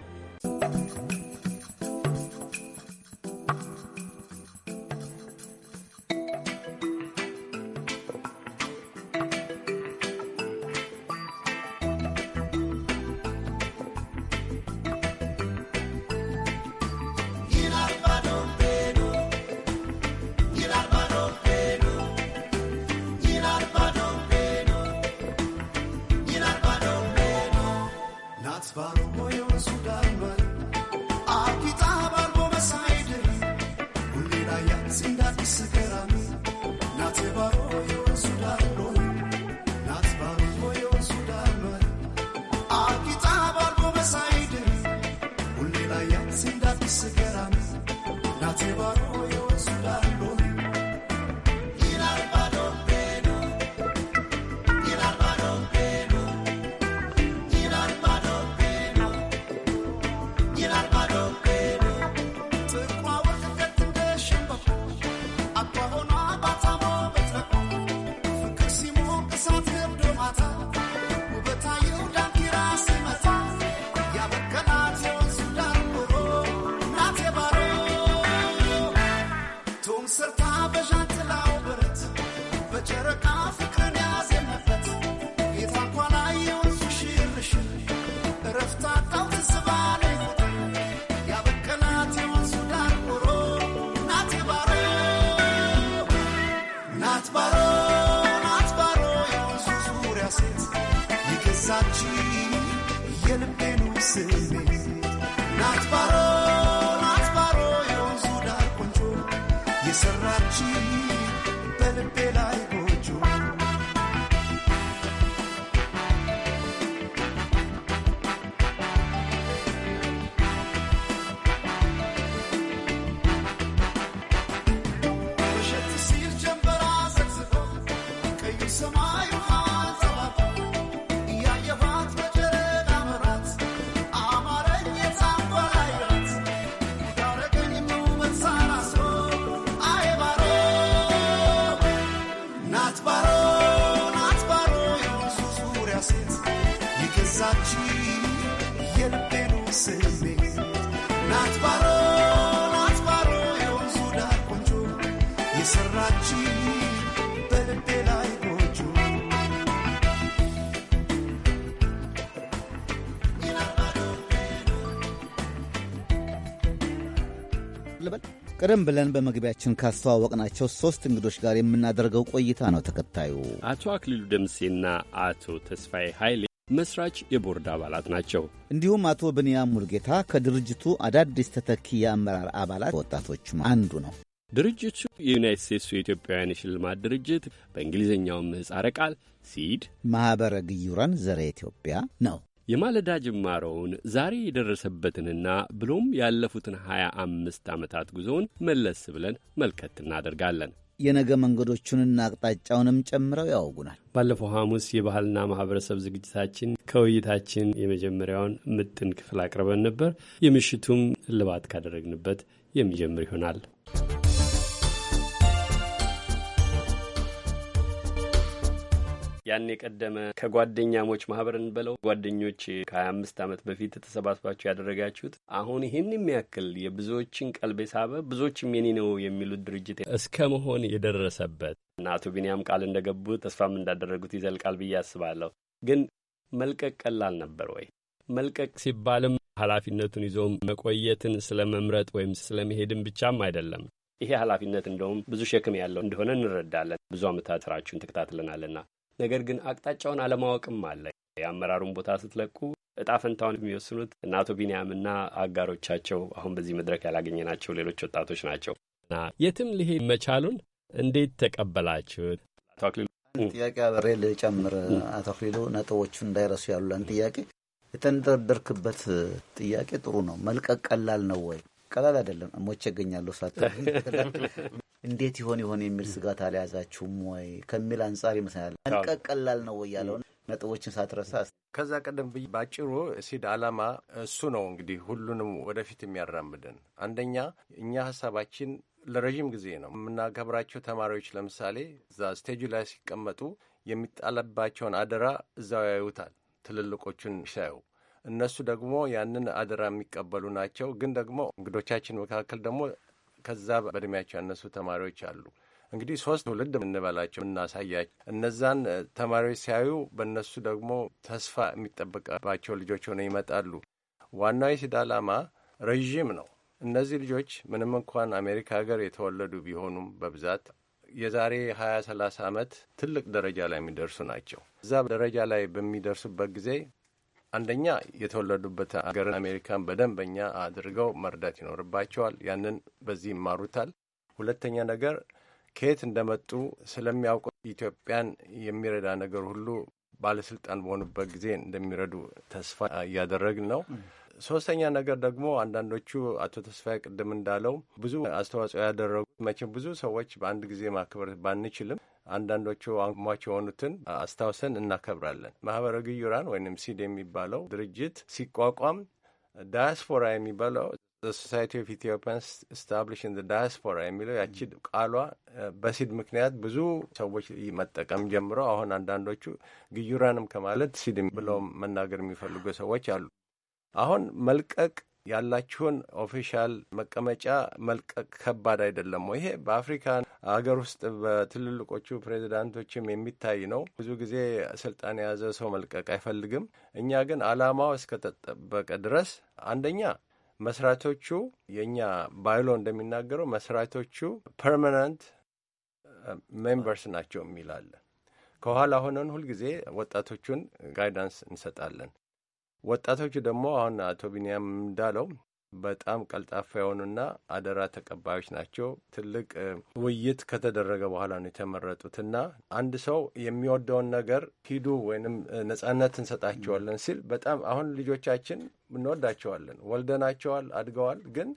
ቀደም ብለን በመግቢያችን ካስተዋወቅናቸው ሶስት እንግዶች ጋር የምናደርገው ቆይታ ነው ተከታዩ። አቶ አክሊሉ ደምሴና አቶ ተስፋዬ ኃይሌ መስራች የቦርድ አባላት ናቸው። እንዲሁም አቶ ብንያም ሙልጌታ ከድርጅቱ አዳዲስ ተተኪ የአመራር አባላት ወጣቶችም አንዱ ነው። ድርጅቱ የዩናይት ስቴትሱ የኢትዮጵያውያን የሽልማት ድርጅት በእንግሊዝኛው ምህጻረ ቃል ሲድ ማኅበረ ግዩራን ዘረ ኢትዮጵያ ነው። የማለዳ ጅማሮውን ዛሬ የደረሰበትንና ብሎም ያለፉትን ሀያ አምስት ዓመታት ጉዞውን መለስ ብለን መልከት እናደርጋለን። የነገ መንገዶቹንና አቅጣጫውንም ጨምረው ያወጉናል። ባለፈው ሐሙስ የባህልና ማህበረሰብ ዝግጅታችን ከውይይታችን የመጀመሪያውን ምጥን ክፍል አቅርበን ነበር። የምሽቱም እልባት ካደረግንበት የሚጀምር ይሆናል። ያን የቀደመ ከጓደኛሞች ማህበርን በለው ጓደኞች ከሀያ አምስት ዓመት በፊት ተሰባስባችሁ ያደረጋችሁት አሁን ይህን የሚያክል የብዙዎችን ቀልብ ሳበ ብዙዎችም የኔ ነው የሚሉት ድርጅት እስከ መሆን የደረሰበት እና አቶ ቢንያም ቃል እንደገቡ ተስፋም እንዳደረጉት ይዘልቃል ብዬ አስባለሁ። ግን መልቀቅ ቀላል ነበር ወይ? መልቀቅ ሲባልም ኃላፊነቱን ይዞ መቆየትን ስለ መምረጥ ወይም ስለ መሄድን ብቻም አይደለም። ይሄ ኃላፊነት እንደውም ብዙ ሸክም ያለው እንደሆነ እንረዳለን። ብዙ ዓመታት ስራችሁን ተከታትለናልና ነገር ግን አቅጣጫውን አለማወቅም አለ። የአመራሩን ቦታ ስትለቁ እጣ ፈንታውን የሚወስኑት እና አቶ ቢንያምና አጋሮቻቸው አሁን በዚህ መድረክ ያላገኘናቸው ሌሎች ወጣቶች ናቸው እና የትም ሊሄድ መቻሉን እንዴት ተቀበላችሁት? አቶ አክሊሉ ጥያቄ አበሬ ልጨምር። አቶ አክሊሉ ነጥቦቹ እንዳይረሱ ያሉለን ጥያቄ የተንደረደርክበት ጥያቄ ጥሩ ነው። መልቀቅ ቀላል ነው ወይ? ቀላል አይደለም። ሞቼ እገኛለሁ ሳት እንዴት ይሆን ይሆን የሚል ስጋት አልያዛችሁም ወይ ከሚል አንጻር ይመስላል። መንቀቅ ቀላል ነው ወይ ያለውን ነጥቦችን ሳትረሳ ከዛ ቀደም ብዬ ባጭሩ ሲድ አላማ እሱ ነው እንግዲህ ሁሉንም ወደፊት የሚያራምድን አንደኛ እኛ ሀሳባችን ለረዥም ጊዜ ነው የምናከብራቸው ተማሪዎች ለምሳሌ እዛ ስቴጁ ላይ ሲቀመጡ የሚጣለባቸውን አደራ እዛው ያዩታል። ትልልቆቹን ሳዩ እነሱ ደግሞ ያንን አደራ የሚቀበሉ ናቸው። ግን ደግሞ እንግዶቻችን መካከል ደግሞ ከዛ በእድሜያቸው ያነሱ ተማሪዎች አሉ። እንግዲህ ሶስት ትውልድ የምንበላቸው እናሳያቸው። እነዛን ተማሪዎች ሲያዩ በእነሱ ደግሞ ተስፋ የሚጠበቅባቸው ልጆች ሆነው ይመጣሉ። ዋናው የሲድ ዓላማ ረዥም ነው። እነዚህ ልጆች ምንም እንኳን አሜሪካ ሀገር የተወለዱ ቢሆኑም በብዛት የዛሬ 20 30 ዓመት ትልቅ ደረጃ ላይ የሚደርሱ ናቸው። እዛ ደረጃ ላይ በሚደርሱበት ጊዜ አንደኛ የተወለዱበት ሀገርን አሜሪካን በደንበኛ አድርገው መርዳት ይኖርባቸዋል። ያንን በዚህ ይማሩታል። ሁለተኛ ነገር ከየት እንደመጡ ስለሚያውቁ ኢትዮጵያን የሚረዳ ነገር ሁሉ ባለስልጣን በሆኑበት ጊዜ እንደሚረዱ ተስፋ እያደረግን ነው። ሶስተኛ ነገር ደግሞ አንዳንዶቹ አቶ ተስፋዬ ቅድም እንዳለው ብዙ አስተዋጽኦ ያደረጉት መቼም ብዙ ሰዎች በአንድ ጊዜ ማክበር ባንችልም አንዳንዶቹ አሟች የሆኑትን አስታውሰን እናከብራለን። ማህበረ ግዩራን ወይም ሲድ የሚባለው ድርጅት ሲቋቋም ዳያስፖራ የሚባለው ሶሳይቲ ኦፍ ኢትዮጵያንስ ስታብሊሽ ዳያስፖራ የሚለው ያቺ ቃሏ በሲድ ምክንያት ብዙ ሰዎች መጠቀም ጀምረው አሁን አንዳንዶቹ ግዩራንም ከማለት ሲድ ብለው መናገር የሚፈልጉ ሰዎች አሉ። አሁን መልቀቅ ያላችሁን ኦፊሻል መቀመጫ መልቀቅ ከባድ አይደለም ወይ? ይሄ በአፍሪካ ሀገር ውስጥ በትልልቆቹ ፕሬዚዳንቶችም የሚታይ ነው። ብዙ ጊዜ ስልጣን የያዘ ሰው መልቀቅ አይፈልግም። እኛ ግን አላማው እስከተጠበቀ ድረስ አንደኛ መስራቶቹ የእኛ ባይሎ እንደሚናገረው መስራቶቹ ፐርማነንት ሜምበርስ ናቸው የሚላለን። ከኋላ ሆነን ሁልጊዜ ወጣቶቹን ጋይዳንስ እንሰጣለን። ወጣቶቹ ደግሞ አሁን አቶ ቢንያም እንዳለው በጣም ቀልጣፋ የሆኑና አደራ ተቀባዮች ናቸው። ትልቅ ውይይት ከተደረገ በኋላ ነው የተመረጡት እና አንድ ሰው የሚወደውን ነገር ሂዱ ወይንም ነጻነት እንሰጣቸዋለን ሲል በጣም አሁን ልጆቻችን እንወዳቸዋለን፣ ወልደናቸዋል፣ አድገዋል። ግን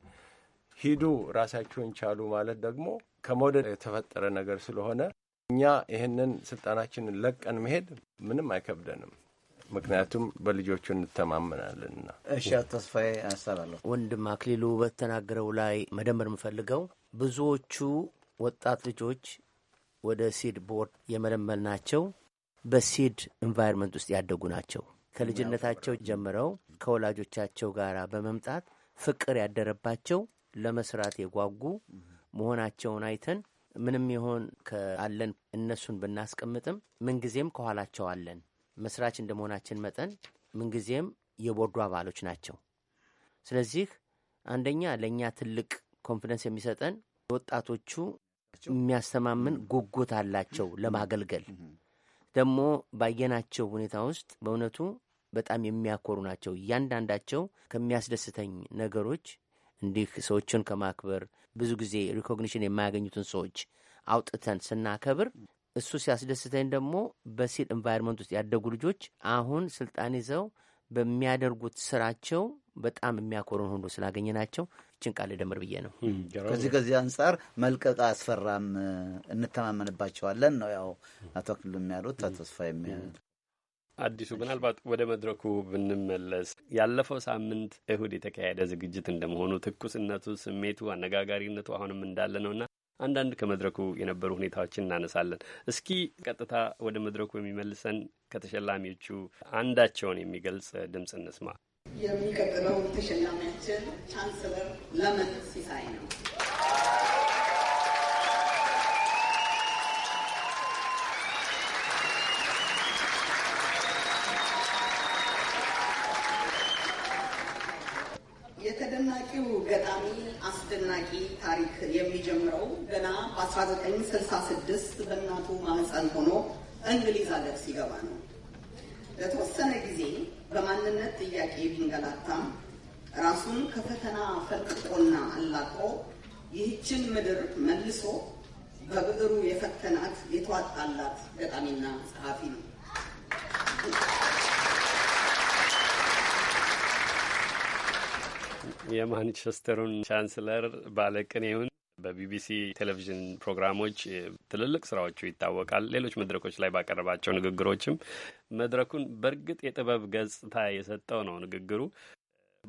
ሂዱ ራሳችሁን ቻሉ ማለት ደግሞ ከመውደድ የተፈጠረ ነገር ስለሆነ እኛ ይህንን ስልጣናችንን ለቀን መሄድ ምንም አይከብደንም። ምክንያቱም በልጆቹ እንተማመናለንና። እሺ፣ አቶ ተስፋዬ አስተላለሁ። ወንድም አክሊሉ በተናገረው ላይ መደመር የምፈልገው ብዙዎቹ ወጣት ልጆች ወደ ሲድ ቦርድ የመለመል ናቸው በሲድ ኢንቫይርመንት ውስጥ ያደጉ ናቸው። ከልጅነታቸው ጀምረው ከወላጆቻቸው ጋር በመምጣት ፍቅር ያደረባቸው ለመስራት የጓጉ መሆናቸውን አይተን ምንም ይሆን ከአለን እነሱን ብናስቀምጥም ምንጊዜም ከኋላቸው አለን። መስራች እንደመሆናችን መጠን ምንጊዜም የቦርዱ አባሎች ናቸው። ስለዚህ አንደኛ ለእኛ ትልቅ ኮንፊደንስ የሚሰጠን ወጣቶቹ የሚያስተማምን ጉጉት አላቸው ለማገልገል። ደግሞ ባየናቸው ሁኔታ ውስጥ በእውነቱ በጣም የሚያኮሩ ናቸው። እያንዳንዳቸው ከሚያስደስተኝ ነገሮች እንዲህ ሰዎችን ከማክበር ብዙ ጊዜ ሪኮግኒሽን የማያገኙትን ሰዎች አውጥተን ስናከብር እሱ ሲያስደስተኝ ደግሞ በሲል ኤንቫይሮንመንት ውስጥ ያደጉ ልጆች አሁን ስልጣን ይዘው በሚያደርጉት ስራቸው በጣም የሚያኮሩን ሁሉ ስላገኘ ናቸው። ይችን ቃል ደምር ብዬ ነው። ከዚህ ከዚህ አንጻር መልቀቅ አስፈራም፣ እንተማመንባቸዋለን ነው ያው አቶ ክሉ የሚያሉት አቶ ተስፋ የሚያሉት አዲሱ ምናልባት ወደ መድረኩ ብንመለስ ያለፈው ሳምንት እሁድ የተካሄደ ዝግጅት እንደመሆኑ ትኩስነቱ፣ ስሜቱ፣ አነጋጋሪነቱ አሁንም እንዳለ ነውና አንዳንድ ከመድረኩ የነበሩ ሁኔታዎችን እናነሳለን። እስኪ ቀጥታ ወደ መድረኩ የሚመልሰን ከተሸላሚዎቹ አንዳቸውን የሚገልጽ ድምፅ እንስማ። የሚቀጥለው ተሸላሚያችን ቻንስለር ለመን ሲሳይ ነው። ተደናቂው ገጣሚ አስደናቂ ታሪክ የሚጀምረው ገና በ1966 በእናቱ ማህፀን ሆኖ እንግሊዝ አገር ሲገባ ነው። ለተወሰነ ጊዜ በማንነት ጥያቄ ቢንገላታም ራሱን ከፈተና ፈልቅቆና አላቆ ይህችን ምድር መልሶ በብዕሩ የፈተናት የተዋጣላት ገጣሚና ጸሐፊ ነው። የማንቸስተሩን ቻንስለር ባለቅኔውን በቢቢሲ ቴሌቪዥን ፕሮግራሞች ትልልቅ ስራዎቹ ይታወቃል። ሌሎች መድረኮች ላይ ባቀረባቸው ንግግሮችም መድረኩን በእርግጥ የጥበብ ገጽታ የሰጠው ነው ንግግሩ።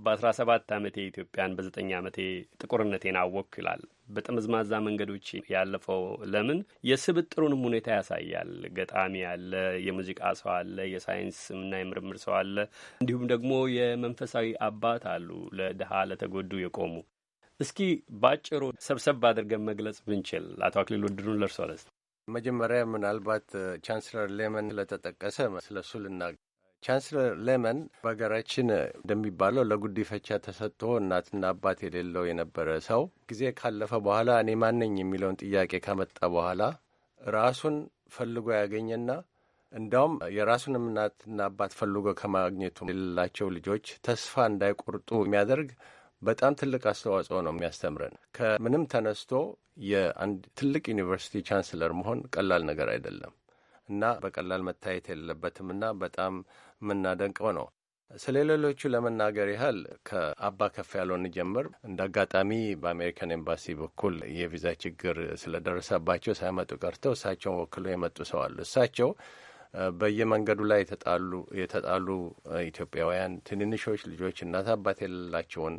በ17 ዓመቴ ኢትዮጵያን በ9 ዓመቴ ጥቁርነቴን አወቅኩ ይላል። በጠመዝማዛ መንገዶች ያለፈው ለምን የስብጥሩንም ሁኔታ ያሳያል። ገጣሚ አለ፣ የሙዚቃ ሰው አለ፣ የሳይንስና የምርምር ሰው አለ፣ እንዲሁም ደግሞ የመንፈሳዊ አባት አሉ፣ ለድሃ ለተጎዱ የቆሙ። እስኪ በአጭሩ ሰብሰብ አድርገን መግለጽ ብንችል፣ አቶ አክሊሉ ድሩን ለርሶ መጀመሪያ ምናልባት ቻንስለር ሌመን ስለተጠቀሰ ስለሱ ልና ቻንስለር ሌመን በሀገራችን እንደሚባለው ለጉዲፈቻ ተሰጥቶ እናትና አባት የሌለው የነበረ ሰው ጊዜ ካለፈ በኋላ እኔ ማነኝ የሚለውን ጥያቄ ካመጣ በኋላ ራሱን ፈልጎ ያገኘና እንዲያውም የራሱንም እናትና አባት ፈልጎ ከማግኘቱ የሌላቸው ልጆች ተስፋ እንዳይቆርጡ የሚያደርግ በጣም ትልቅ አስተዋጽኦ ነው የሚያስተምረን። ከምንም ተነስቶ የአንድ ትልቅ ዩኒቨርሲቲ ቻንስለር መሆን ቀላል ነገር አይደለም እና በቀላል መታየት የለበትም እና በጣም የምናደንቀው ነው። ስለ ሌሎቹ ለመናገር ያህል ከአባ ከፍ ያለው እንጀምር። እንደ አጋጣሚ በአሜሪካን ኤምባሲ በኩል የቪዛ ችግር ስለደረሰባቸው ሳይመጡ ቀርተው እሳቸውን ወክሎ የመጡ ሰው አሉ። እሳቸው በየመንገዱ ላይ የተጣሉ የተጣሉ ኢትዮጵያውያን ትንንሾች ልጆች እናት አባት የሌላቸውን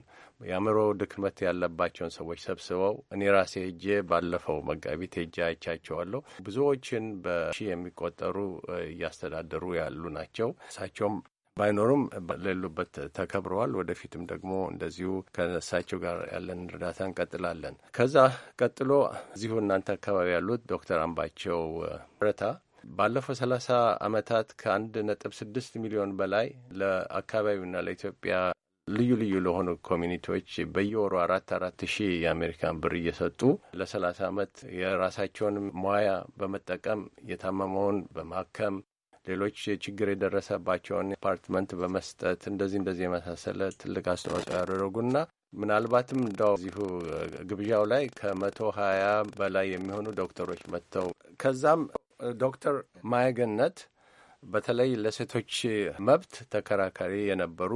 የአእምሮ ድክመት ያለባቸውን ሰዎች ሰብስበው እኔ ራሴ ሄጄ ባለፈው መጋቢት ሄጄ አይቻቸዋለሁ። ብዙዎችን በሺ የሚቆጠሩ እያስተዳደሩ ያሉ ናቸው። እሳቸውም ባይኖሩም በሌሉበት ተከብረዋል። ወደፊትም ደግሞ እንደዚሁ ከነሳቸው ጋር ያለን እርዳታ እንቀጥላለን። ከዛ ቀጥሎ እዚሁ እናንተ አካባቢ ያሉት ዶክተር አምባቸው ረታ ባለፈው ሰላሳ አመታት ከአንድ ነጥብ ስድስት ሚሊዮን በላይ ለአካባቢውና ለኢትዮጵያ ልዩ ልዩ ለሆኑ ኮሚኒቲዎች በየወሩ አራት አራት ሺህ የአሜሪካን ብር እየሰጡ ለሰላሳ አመት የራሳቸውን ሙያ በመጠቀም የታመመውን በማከም ሌሎች ችግር የደረሰባቸውን አፓርትመንት በመስጠት እንደዚህ እንደዚህ የመሳሰለ ትልቅ አስተዋጽኦ ያደረጉና ምናልባትም እንዳው እዚሁ ግብዣው ላይ ከመቶ ሀያ በላይ የሚሆኑ ዶክተሮች መጥተው ከዛም ዶክተር ማየገነት በተለይ ለሴቶች መብት ተከራካሪ የነበሩ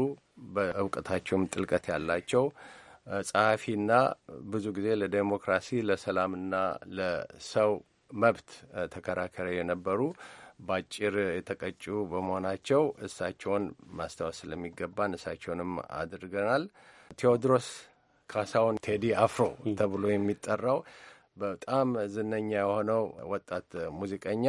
በእውቀታቸውም ጥልቀት ያላቸው ጸሐፊና ብዙ ጊዜ ለዴሞክራሲ ለሰላምና ለሰው መብት ተከራካሪ የነበሩ በአጭር የተቀጩ በመሆናቸው እሳቸውን ማስታወስ ስለሚገባን እሳቸውንም አድርገናል። ቴዎድሮስ ካሳውን ቴዲ አፍሮ ተብሎ የሚጠራው በጣም ዝነኛ የሆነው ወጣት ሙዚቀኛ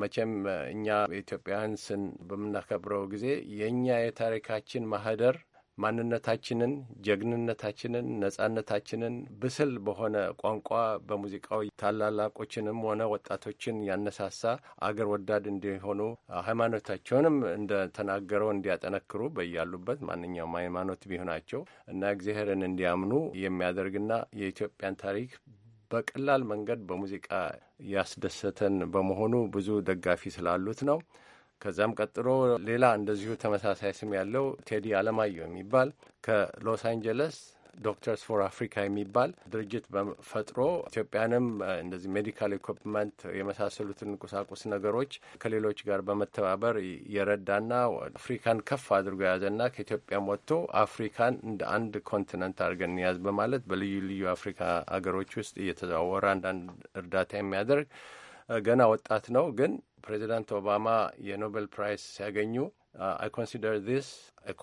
መቼም እኛ ኢትዮጵያውያን ስን በምናከብረው ጊዜ የእኛ የታሪካችን ማህደር ማንነታችንን፣ ጀግንነታችንን፣ ነጻነታችንን ብስል በሆነ ቋንቋ በሙዚቃው ታላላቆችንም ሆነ ወጣቶችን ያነሳሳ አገር ወዳድ እንዲሆኑ ሃይማኖታቸውንም እንደተናገረው እንዲያጠነክሩ በያሉበት ማንኛውም ሃይማኖት ቢሆናቸው እና እግዚአብሔርን እንዲያምኑ የሚያደርግና የኢትዮጵያን ታሪክ በቀላል መንገድ በሙዚቃ ያስደሰተን በመሆኑ ብዙ ደጋፊ ስላሉት ነው። ከዛም ቀጥሎ ሌላ እንደዚሁ ተመሳሳይ ስም ያለው ቴዲ አለማየሁ የሚባል ከሎስ አንጀለስ ዶክተርስ ፎር አፍሪካ የሚባል ድርጅት ፈጥሮ ኢትዮጵያንም እንደዚህ ሜዲካል ኢኩፕመንት የመሳሰሉትን ቁሳቁስ ነገሮች ከሌሎች ጋር በመተባበር የረዳና አፍሪካን ከፍ አድርጎ የያዘና ከኢትዮጵያም ወጥቶ አፍሪካን እንደ አንድ ኮንቲነንት አድርገን ያዝ በማለት በልዩ ልዩ አፍሪካ አገሮች ውስጥ እየተዘዋወረ አንዳንድ እርዳታ የሚያደርግ ገና ወጣት ነው። ግን ፕሬዚዳንት ኦባማ የኖቤል ፕራይስ ሲያገኙ አይ ኮንሲደር ዚስ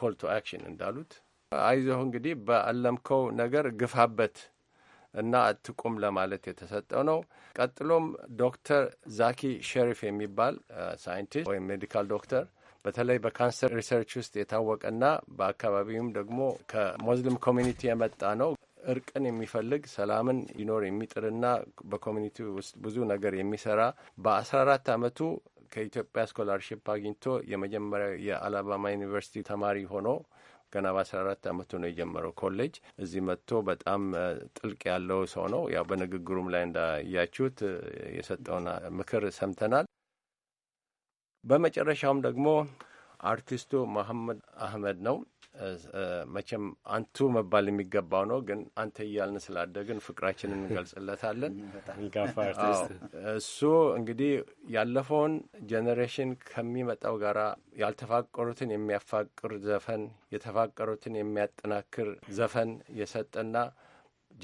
ኮል ቱ አክሽን እንዳሉት አይዞህ እንግዲህ በአለምከው ነገር ግፋበት እና አትቁም ለማለት የተሰጠው ነው። ቀጥሎም ዶክተር ዛኪ ሸሪፍ የሚባል ሳይንቲስት ወይም ሜዲካል ዶክተር በተለይ በካንሰር ሪሰርች ውስጥ የታወቀና በአካባቢውም ደግሞ ከሞዝሊም ኮሚኒቲ የመጣ ነው። እርቅን የሚፈልግ ሰላምን ይኖር የሚጥርና በኮሚኒቲ ውስጥ ብዙ ነገር የሚሰራ በአስራ አራት አመቱ ከኢትዮጵያ ስኮላርሽፕ አግኝቶ የመጀመሪያው የአላባማ ዩኒቨርሲቲ ተማሪ ሆኖ ገና በ14 አመቱ ነው የጀመረው ኮሌጅ። እዚህ መጥቶ በጣም ጥልቅ ያለው ሰው ነው። ያው በንግግሩም ላይ እንዳያችሁት የሰጠውን ምክር ሰምተናል። በመጨረሻውም ደግሞ አርቲስቱ መሐመድ አህመድ ነው። መቼም አንቱ መባል የሚገባው ነው፣ ግን አንተ እያልን ስላደግን ፍቅራችንን እንገልጽለታለን። እሱ እንግዲህ ያለፈውን ጄኔሬሽን ከሚመጣው ጋራ ያልተፋቀሩትን የሚያፋቅር ዘፈን፣ የተፋቀሩትን የሚያጠናክር ዘፈን የሰጠና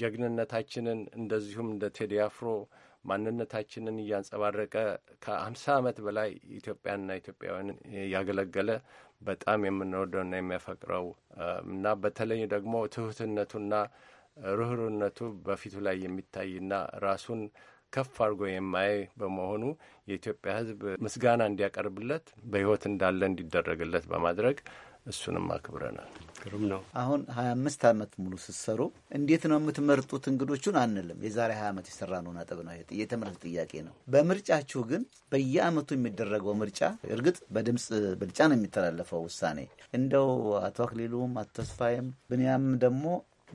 ጀግንነታችንን እንደዚሁም እንደ ቴዲ አፍሮ ማንነታችንን እያንጸባረቀ ከአምሳ ዓመት በላይ ኢትዮጵያንና ኢትዮጵያውያንን ያገለገለ በጣም የምንወደውና የሚያፈቅረው እና በተለይ ደግሞ ትሑትነቱና ርኅሩነቱ በፊቱ ላይ የሚታይና ራሱን ከፍ አድርጎ የማይ በመሆኑ የኢትዮጵያ ሕዝብ ምስጋና እንዲያቀርብለት በሕይወት እንዳለ እንዲደረግለት በማድረግ እሱንም አክብረናል። ግሩም ነው። አሁን ሀያ አምስት ዓመት ሙሉ ስትሰሩ እንዴት ነው የምትመርጡት እንግዶቹን አንልም። የዛሬ ሀያ ዓመት ነው ናጥብ ነው። የትምህርት ጥያቄ ነው። በምርጫችሁ ግን በየአመቱ የሚደረገው ምርጫ እርግጥ በድምፅ ብልጫ ነው የሚተላለፈው ውሳኔ። እንደው አቶ አክሊሉም አቶ ተስፋዬም ብንያም ደግሞ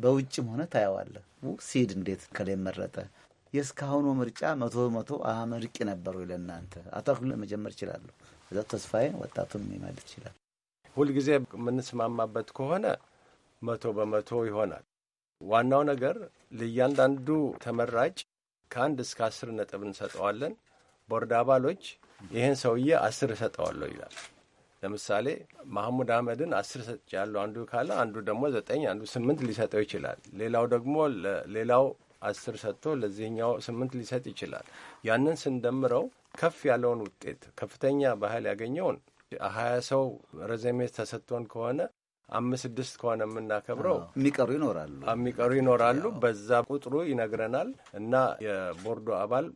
በውጭም ሆነ ታየዋለህ ሲድ እንዴት ከላይ መረጠ የእስካሁኑ ምርጫ መቶ መቶ አመርቂ ነበሩ። ለእናንተ አቶ አክሊሉ መጀመር ይችላሉ። እዛ ተስፋዬ ወጣቱን የሚመልስ ይችላል። ሁልጊዜ የምንስማማበት ከሆነ መቶ በመቶ ይሆናል። ዋናው ነገር ለእያንዳንዱ ተመራጭ ከአንድ እስከ አስር ነጥብ እንሰጠዋለን። ቦርድ አባሎች ይህን ሰውዬ አስር እሰጠዋለሁ ይላል። ለምሳሌ ማህሙድ አህመድን አስር ያለው አንዱ ካለ አንዱ ደግሞ ዘጠኝ አንዱ ስምንት ሊሰጠው ይችላል። ሌላው ደግሞ ሌላው አስር ሰጥቶ ለዚህኛው ስምንት ሊሰጥ ይችላል። ያንን ስንደምረው ከፍ ያለውን ውጤት ከፍተኛ ባህል ያገኘውን ሀያ ሰው ረዘሜ ተሰጥቶን ከሆነ አምስት ስድስት ከሆነ የምናከብረው የሚቀሩ ይኖራሉ የሚቀሩ ይኖራሉ። በዛ ቁጥሩ ይነግረናል እና የቦርዱ አባል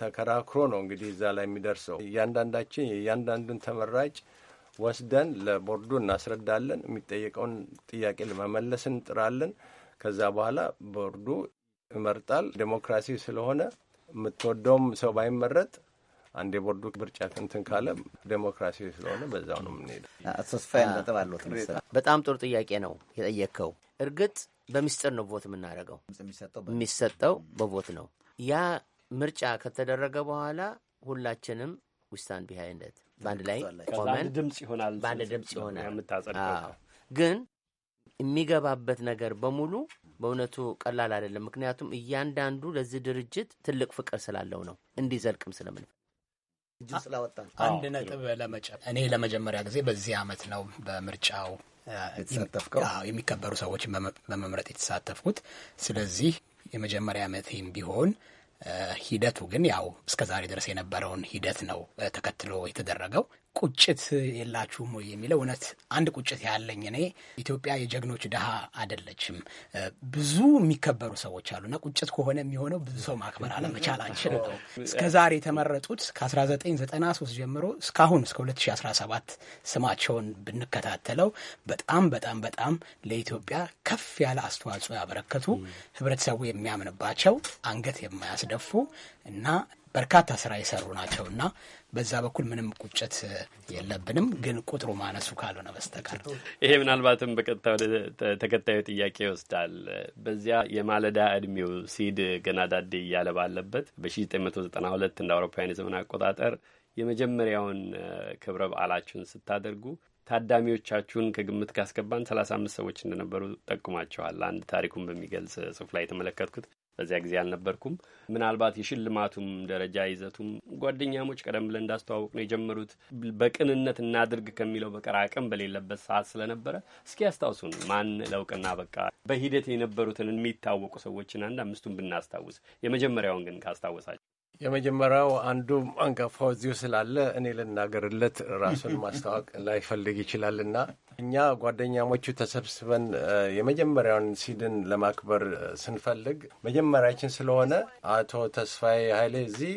ተከራክሮ ነው እንግዲህ እዛ ላይ የሚደርሰው። እያንዳንዳችን የእያንዳንዱን ተመራጭ ወስደን ለቦርዱ እናስረዳለን። የሚጠየቀውን ጥያቄ ለመመለስ እንጥራለን። ከዛ በኋላ ቦርዱ ይመርጣል። ዴሞክራሲ ስለሆነ የምትወደውም ሰው ባይመረጥ አንድ የቦርዱ ምርጫ እንትን ካለ ዴሞክራሲ ስለሆነ በዛው ነው የምንሄደው። ተስፋ ነጥብ አለት በጣም ጥሩ ጥያቄ ነው የጠየከው። እርግጥ በሚስጥር ነው ቮት የምናደርገው፣ የሚሰጠው በቮት ነው። ያ ምርጫ ከተደረገ በኋላ ሁላችንም ውስታን ቢሃይነት በአንድ ላይ ቆመን ድምጽ ይሆናል፣ በአንድ ድምጽ ይሆናል። ግን የሚገባበት ነገር በሙሉ በእውነቱ ቀላል አይደለም። ምክንያቱም እያንዳንዱ ለዚህ ድርጅት ትልቅ ፍቅር ስላለው ነው እንዲዘልቅም ስለምን እጅ ስላወጣ አንድ ነጥብ ለመጨ እኔ ለመጀመሪያ ጊዜ በዚህ አመት ነው በምርጫው የተሳተፍከው የሚከበሩ ሰዎችን በመምረጥ የተሳተፍኩት። ስለዚህ የመጀመሪያ ዓመቴም ቢሆን ሂደቱ ግን ያው እስከ ዛሬ ድረስ የነበረውን ሂደት ነው ተከትሎ የተደረገው። ቁጭት የላችሁም ወይ የሚለው እውነት አንድ ቁጭት ያለኝ እኔ ኢትዮጵያ የጀግኖች ድሃ አይደለችም። ብዙ የሚከበሩ ሰዎች አሉና ቁጭት ከሆነ የሚሆነው ብዙ ሰው ማክበር አለመቻላችን ነው። እስከ ዛሬ የተመረጡት ከ1993 ጀምሮ እስካሁን እስከ 2017 ስማቸውን ብንከታተለው በጣም በጣም በጣም ለኢትዮጵያ ከፍ ያለ አስተዋጽኦ ያበረከቱ ህብረተሰቡ የሚያምንባቸው አንገት የማያስደፉ እና በርካታ ስራ የሰሩ ናቸው እና በዛ በኩል ምንም ቁጭት የለብንም፣ ግን ቁጥሩ ማነሱ ካልሆነ በስተቀር ይሄ ምናልባትም በቀጥታ ወደ ተከታዩ ጥያቄ ይወስዳል። በዚያ የማለዳ እድሜው ሲድ ገና ዳዴ እያለ ባለበት በ1992 እንደ አውሮፓውያን የዘመን አቆጣጠር የመጀመሪያውን ክብረ በዓላችሁን ስታደርጉ ታዳሚዎቻችሁን ከግምት ካስገባን ሰላሳ አምስት ሰዎች እንደነበሩ ጠቁማቸዋል። አንድ ታሪኩን በሚገልጽ ጽሑፍ ላይ የተመለከትኩት በዚያ ጊዜ አልነበርኩም። ምናልባት የሽልማቱም ደረጃ ይዘቱም ጓደኛሞች ቀደም ብለን እንዳስተዋወቅ ነው የጀመሩት በቅንነት እናድርግ ከሚለው በቀር አቅም በሌለበት ሰዓት ስለነበረ እስኪ ያስታውሱን። ማን ለውቅና በቃ በሂደት የነበሩትን የሚታወቁ ሰዎችን አንድ አምስቱን ብናስታውስ፣ የመጀመሪያውን ግን ካስታወሳቸው የመጀመሪያው አንዱ አንጋፋው እዚሁ ስላለ እኔ ልናገርለት ራሱን ማስታወቅ ላይፈልግ ይችላል እና እኛ ጓደኛሞቹ ተሰብስበን የመጀመሪያውን ሲድን ለማክበር ስንፈልግ መጀመሪያችን ስለሆነ አቶ ተስፋዬ ኃይሌ እዚህ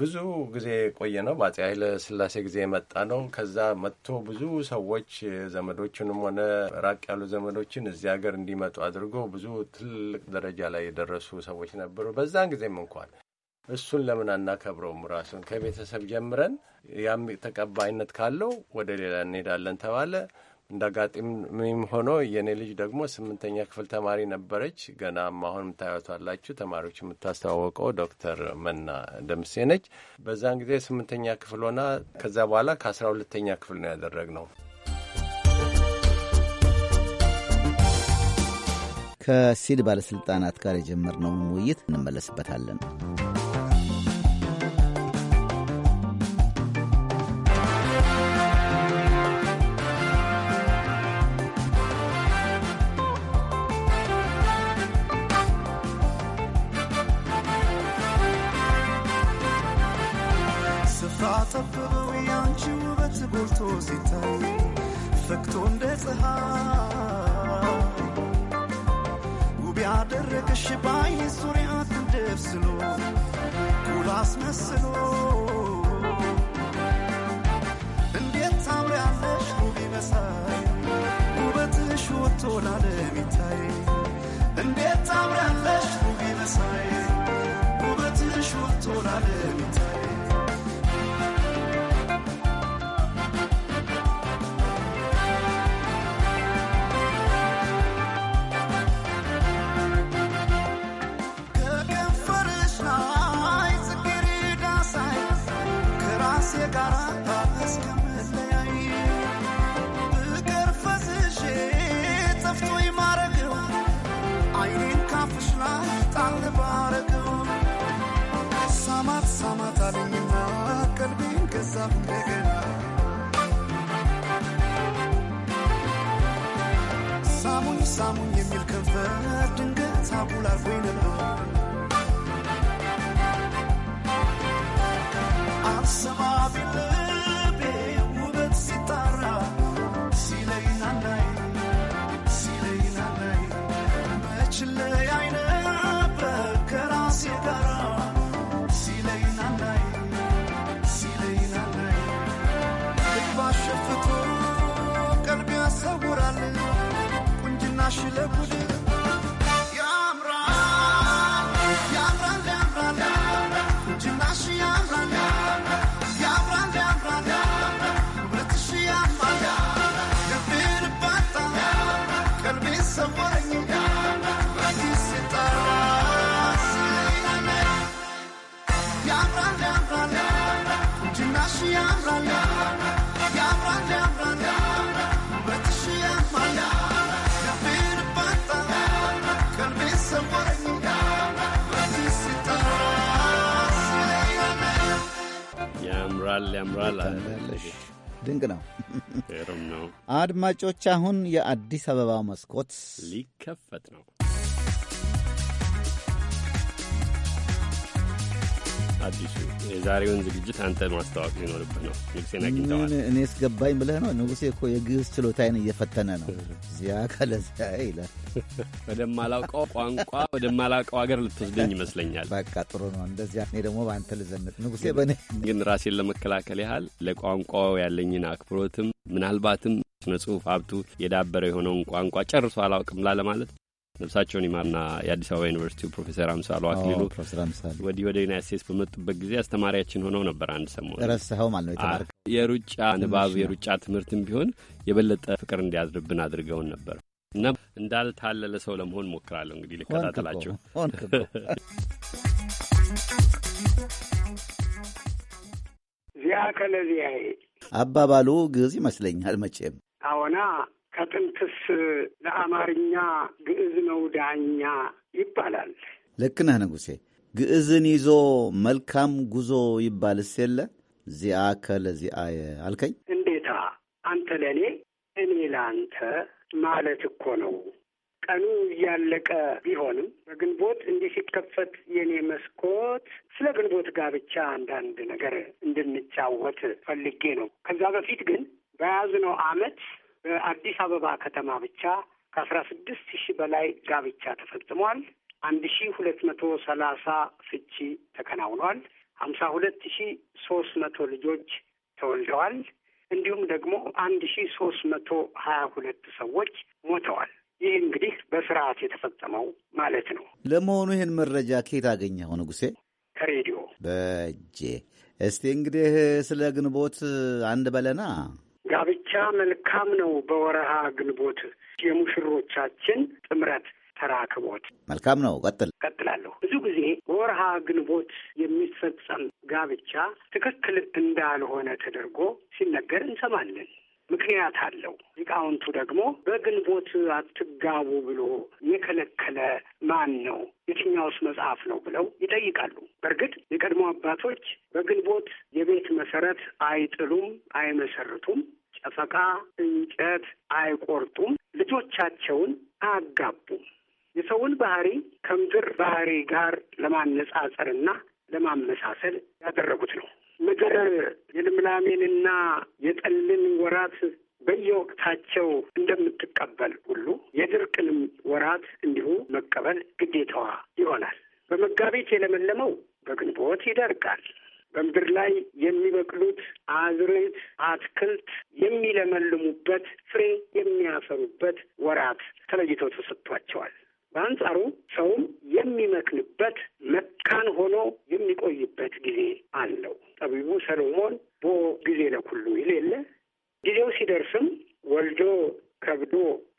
ብዙ ጊዜ የቆየ ነው። በአፄ ኃይለ ስላሴ ጊዜ የመጣ ነው። ከዛ መጥቶ ብዙ ሰዎች ዘመዶችንም ሆነ ራቅ ያሉ ዘመዶችን እዚህ ሀገር እንዲመጡ አድርጎ ብዙ ትልቅ ደረጃ ላይ የደረሱ ሰዎች ነበሩ። በዛን ጊዜም እንኳን እሱን ለምን አናከብረውም? ራሱን ከቤተሰብ ጀምረን ያም ተቀባይነት ካለው ወደ ሌላ እንሄዳለን ተባለ። እንዳጋጣሚም ሆኖ የእኔ ልጅ ደግሞ ስምንተኛ ክፍል ተማሪ ነበረች። ገና አሁን የምታዩቷላችሁ ተማሪዎች የምታስተዋወቀው ዶክተር መና ደምሴ ነች። በዛን ጊዜ ስምንተኛ ክፍል ሆና ከዛ በኋላ ከአስራ ሁለተኛ ክፍል ነው ያደረግነው። ከሲድ ባለሥልጣናት ጋር የጀመርነውን ውይይት እንመለስበታለን። ያበበው ያንቺ ውበት ጎልቶ ሲታይ ፈክቶ እንደ ፀሐይ ውብ ያደረገሽ ባይን ዙሪያ ትንደብስሎ ኩል አስመስሎ እንዴት ታምሪያለሽ ውብ መሳይ ውበትሽ ወጥቶ ለዓለም ይታይ እንዴት ታምሪያለሽ ውብ መሳይ ውበትሽ ወጥቶ ለዓለም ሳሙኝ የሚል ከንፈር ድንገት አቡል አርጎኝ ነበር nașile burii Yeah, la la ያምራል ያምራል። ድንቅ ነው። ነው። አድማጮች፣ አሁን የአዲስ አበባ መስኮት ሊከፈት ነው። አዲሱ የዛሬውን ዝግጅት አንተ ማስታወቅ ሊኖርብህ ነው። ንጉሴን አግኝተዋል። እኔ እስገባኝ ብለህ ነው። ንጉሴ እኮ የግዕዝ ችሎታዬን እየፈተነ ነው። እዚያ ከለዚያ ይላል። ወደማላውቀው ቋንቋ ወደማላውቀው ሀገር ልትወስደኝ ይመስለኛል። በቃ ጥሩ ነው እንደዚያ። እኔ ደግሞ በአንተ ልዘምጥ። ንጉሴ በእኔ ግን ራሴን ለመከላከል ያህል ለቋንቋው ያለኝን አክብሮትም ምናልባትም ስነ ጽሁፍ ሀብቱ የዳበረ የሆነውን ቋንቋ ጨርሶ አላውቅም ላለማለት ነብሳቸውን ይማርና የአዲስ አበባ ዩኒቨርሲቲው ፕሮፌሰር አምሳሉ አክሊሉ ወዲህ ወደ ዩናይት ስቴትስ በመጡበት ጊዜ አስተማሪያችን ሆነው ነበር። አንድ ሰሞን ረሳኸው ማለት ነው። የተማርከው የሩጫ ንባብ የሩጫ ትምህርትም ቢሆን የበለጠ ፍቅር እንዲያድርብን አድርገውን ነበር እና እንዳልታለለ ሰው ለመሆን ሞክራለሁ። እንግዲህ ልከታተላቸው ዚያ ከለዚያ አባባሉ ግዕዝ ይመስለኛል መቼም አዎና ከጥንትስ ለአማርኛ ግዕዝ ነው ዳኛ ይባላል። ልክ ነህ ንጉሴ። ግዕዝን ይዞ መልካም ጉዞ ይባልስ የለ ዚአ ከለዚአየ አልከኝ። እንዴታ አንተ ለእኔ እኔ ለአንተ ማለት እኮ ነው። ቀኑ እያለቀ ቢሆንም በግንቦት እንዲህ ሲከፈት የኔ መስኮት ስለ ግንቦት ጋብቻ አንዳንድ ነገር እንድንጫወት ፈልጌ ነው። ከዛ በፊት ግን በያዝነው ዓመት በአዲስ አበባ ከተማ ብቻ ከአስራ ስድስት ሺህ በላይ ጋብቻ ተፈጽሟል። አንድ ሺ ሁለት መቶ ሰላሳ ፍቺ ተከናውኗል። ሀምሳ ሁለት ሺ ሶስት መቶ ልጆች ተወልደዋል። እንዲሁም ደግሞ አንድ ሺ ሶስት መቶ ሀያ ሁለት ሰዎች ሞተዋል። ይህ እንግዲህ በስርዓት የተፈጸመው ማለት ነው። ለመሆኑ ይህን መረጃ ከየት አገኘኸው ንጉሴ? ከሬዲዮ በጄ። እስቲ እንግዲህ ስለ ግንቦት አንድ በለና ብቻ መልካም ነው። በወረሃ ግንቦት የሙሽሮቻችን ጥምረት ተራክቦት መልካም ነው። ቀጥል ቀጥላለሁ። ብዙ ጊዜ በወርሃ ግንቦት የሚፈጸም ጋብቻ ትክክል እንዳልሆነ ተደርጎ ሲነገር እንሰማለን። ምክንያት አለው። ሊቃውንቱ ደግሞ በግንቦት አትጋቡ ብሎ የከለከለ ማን ነው? የትኛውስ መጽሐፍ ነው? ብለው ይጠይቃሉ። በእርግጥ የቀድሞ አባቶች በግንቦት የቤት መሰረት አይጥሉም፣ አይመሰርቱም ጨፈቃ እንጨት አይቆርጡም፣ ልጆቻቸውን አያጋቡም። የሰውን ባህሪ ከምድር ባህሪ ጋር ለማነጻጸርና ለማመሳሰል ያደረጉት ነው። ምድር የልምላሜንና የጠልን ወራት በየወቅታቸው እንደምትቀበል ሁሉ የድርቅንም ወራት እንዲሁ መቀበል ግዴታዋ ይሆናል። በመጋቢት የለመለመው በግንቦት ይደርቃል። በምድር ላይ የሚበቅሉት አዝርዕት፣ አትክልት የሚለመልሙበት ፍሬ የሚያፈሩበት ወራት ተለይቶ ተሰጥቷቸዋል። በአንጻሩ ሰውም የሚመክንበት መካን ሆኖ የሚቆይበት ጊዜ አለው። ጠቢቡ ሰሎሞን ቦ ጊዜ ለኩሉ ይል የለ ጊዜው ሲደርስም ወልዶ ከብዶ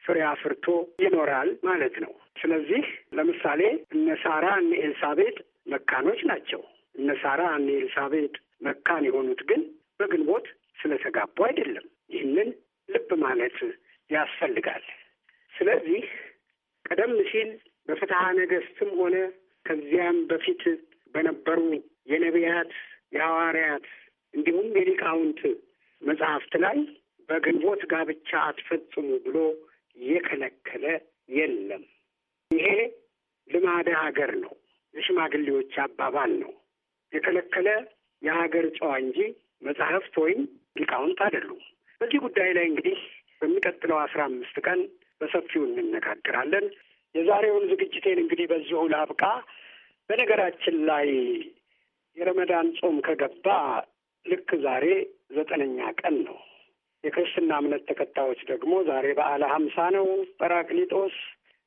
ፍሬ አፍርቶ ይኖራል ማለት ነው። ስለዚህ ለምሳሌ እነ ሳራ እነ ኤልሳቤጥ መካኖች ናቸው። እነ ሳራ እነ ኤልሳቤጥ መካን የሆኑት ግን በግንቦት ስለተጋቡ አይደለም። ይህንን ልብ ማለት ያስፈልጋል። ስለዚህ ቀደም ሲል በፍትሐ ነገሥትም ሆነ ከዚያም በፊት በነበሩ የነቢያት የሐዋርያት እንዲሁም የሊቃውንት መጽሐፍት ላይ በግንቦት ጋብቻ አትፈጽሙ ብሎ የከለከለ የለም። ይሄ ልማደ ሀገር ነው። የሽማግሌዎች አባባል ነው። የከለከለ የሀገር ጨዋ እንጂ መጽሐፍት ወይም ሊቃውንት አይደሉም። በዚህ ጉዳይ ላይ እንግዲህ በሚቀጥለው አስራ አምስት ቀን በሰፊው እንነጋገራለን። የዛሬውን ዝግጅቴን እንግዲህ በዚሁ ላብቃ። በነገራችን ላይ የረመዳን ጾም ከገባ ልክ ዛሬ ዘጠነኛ ቀን ነው። የክርስትና እምነት ተከታዮች ደግሞ ዛሬ በዓለ ሀምሳ ነው። ጰራቅሊጦስ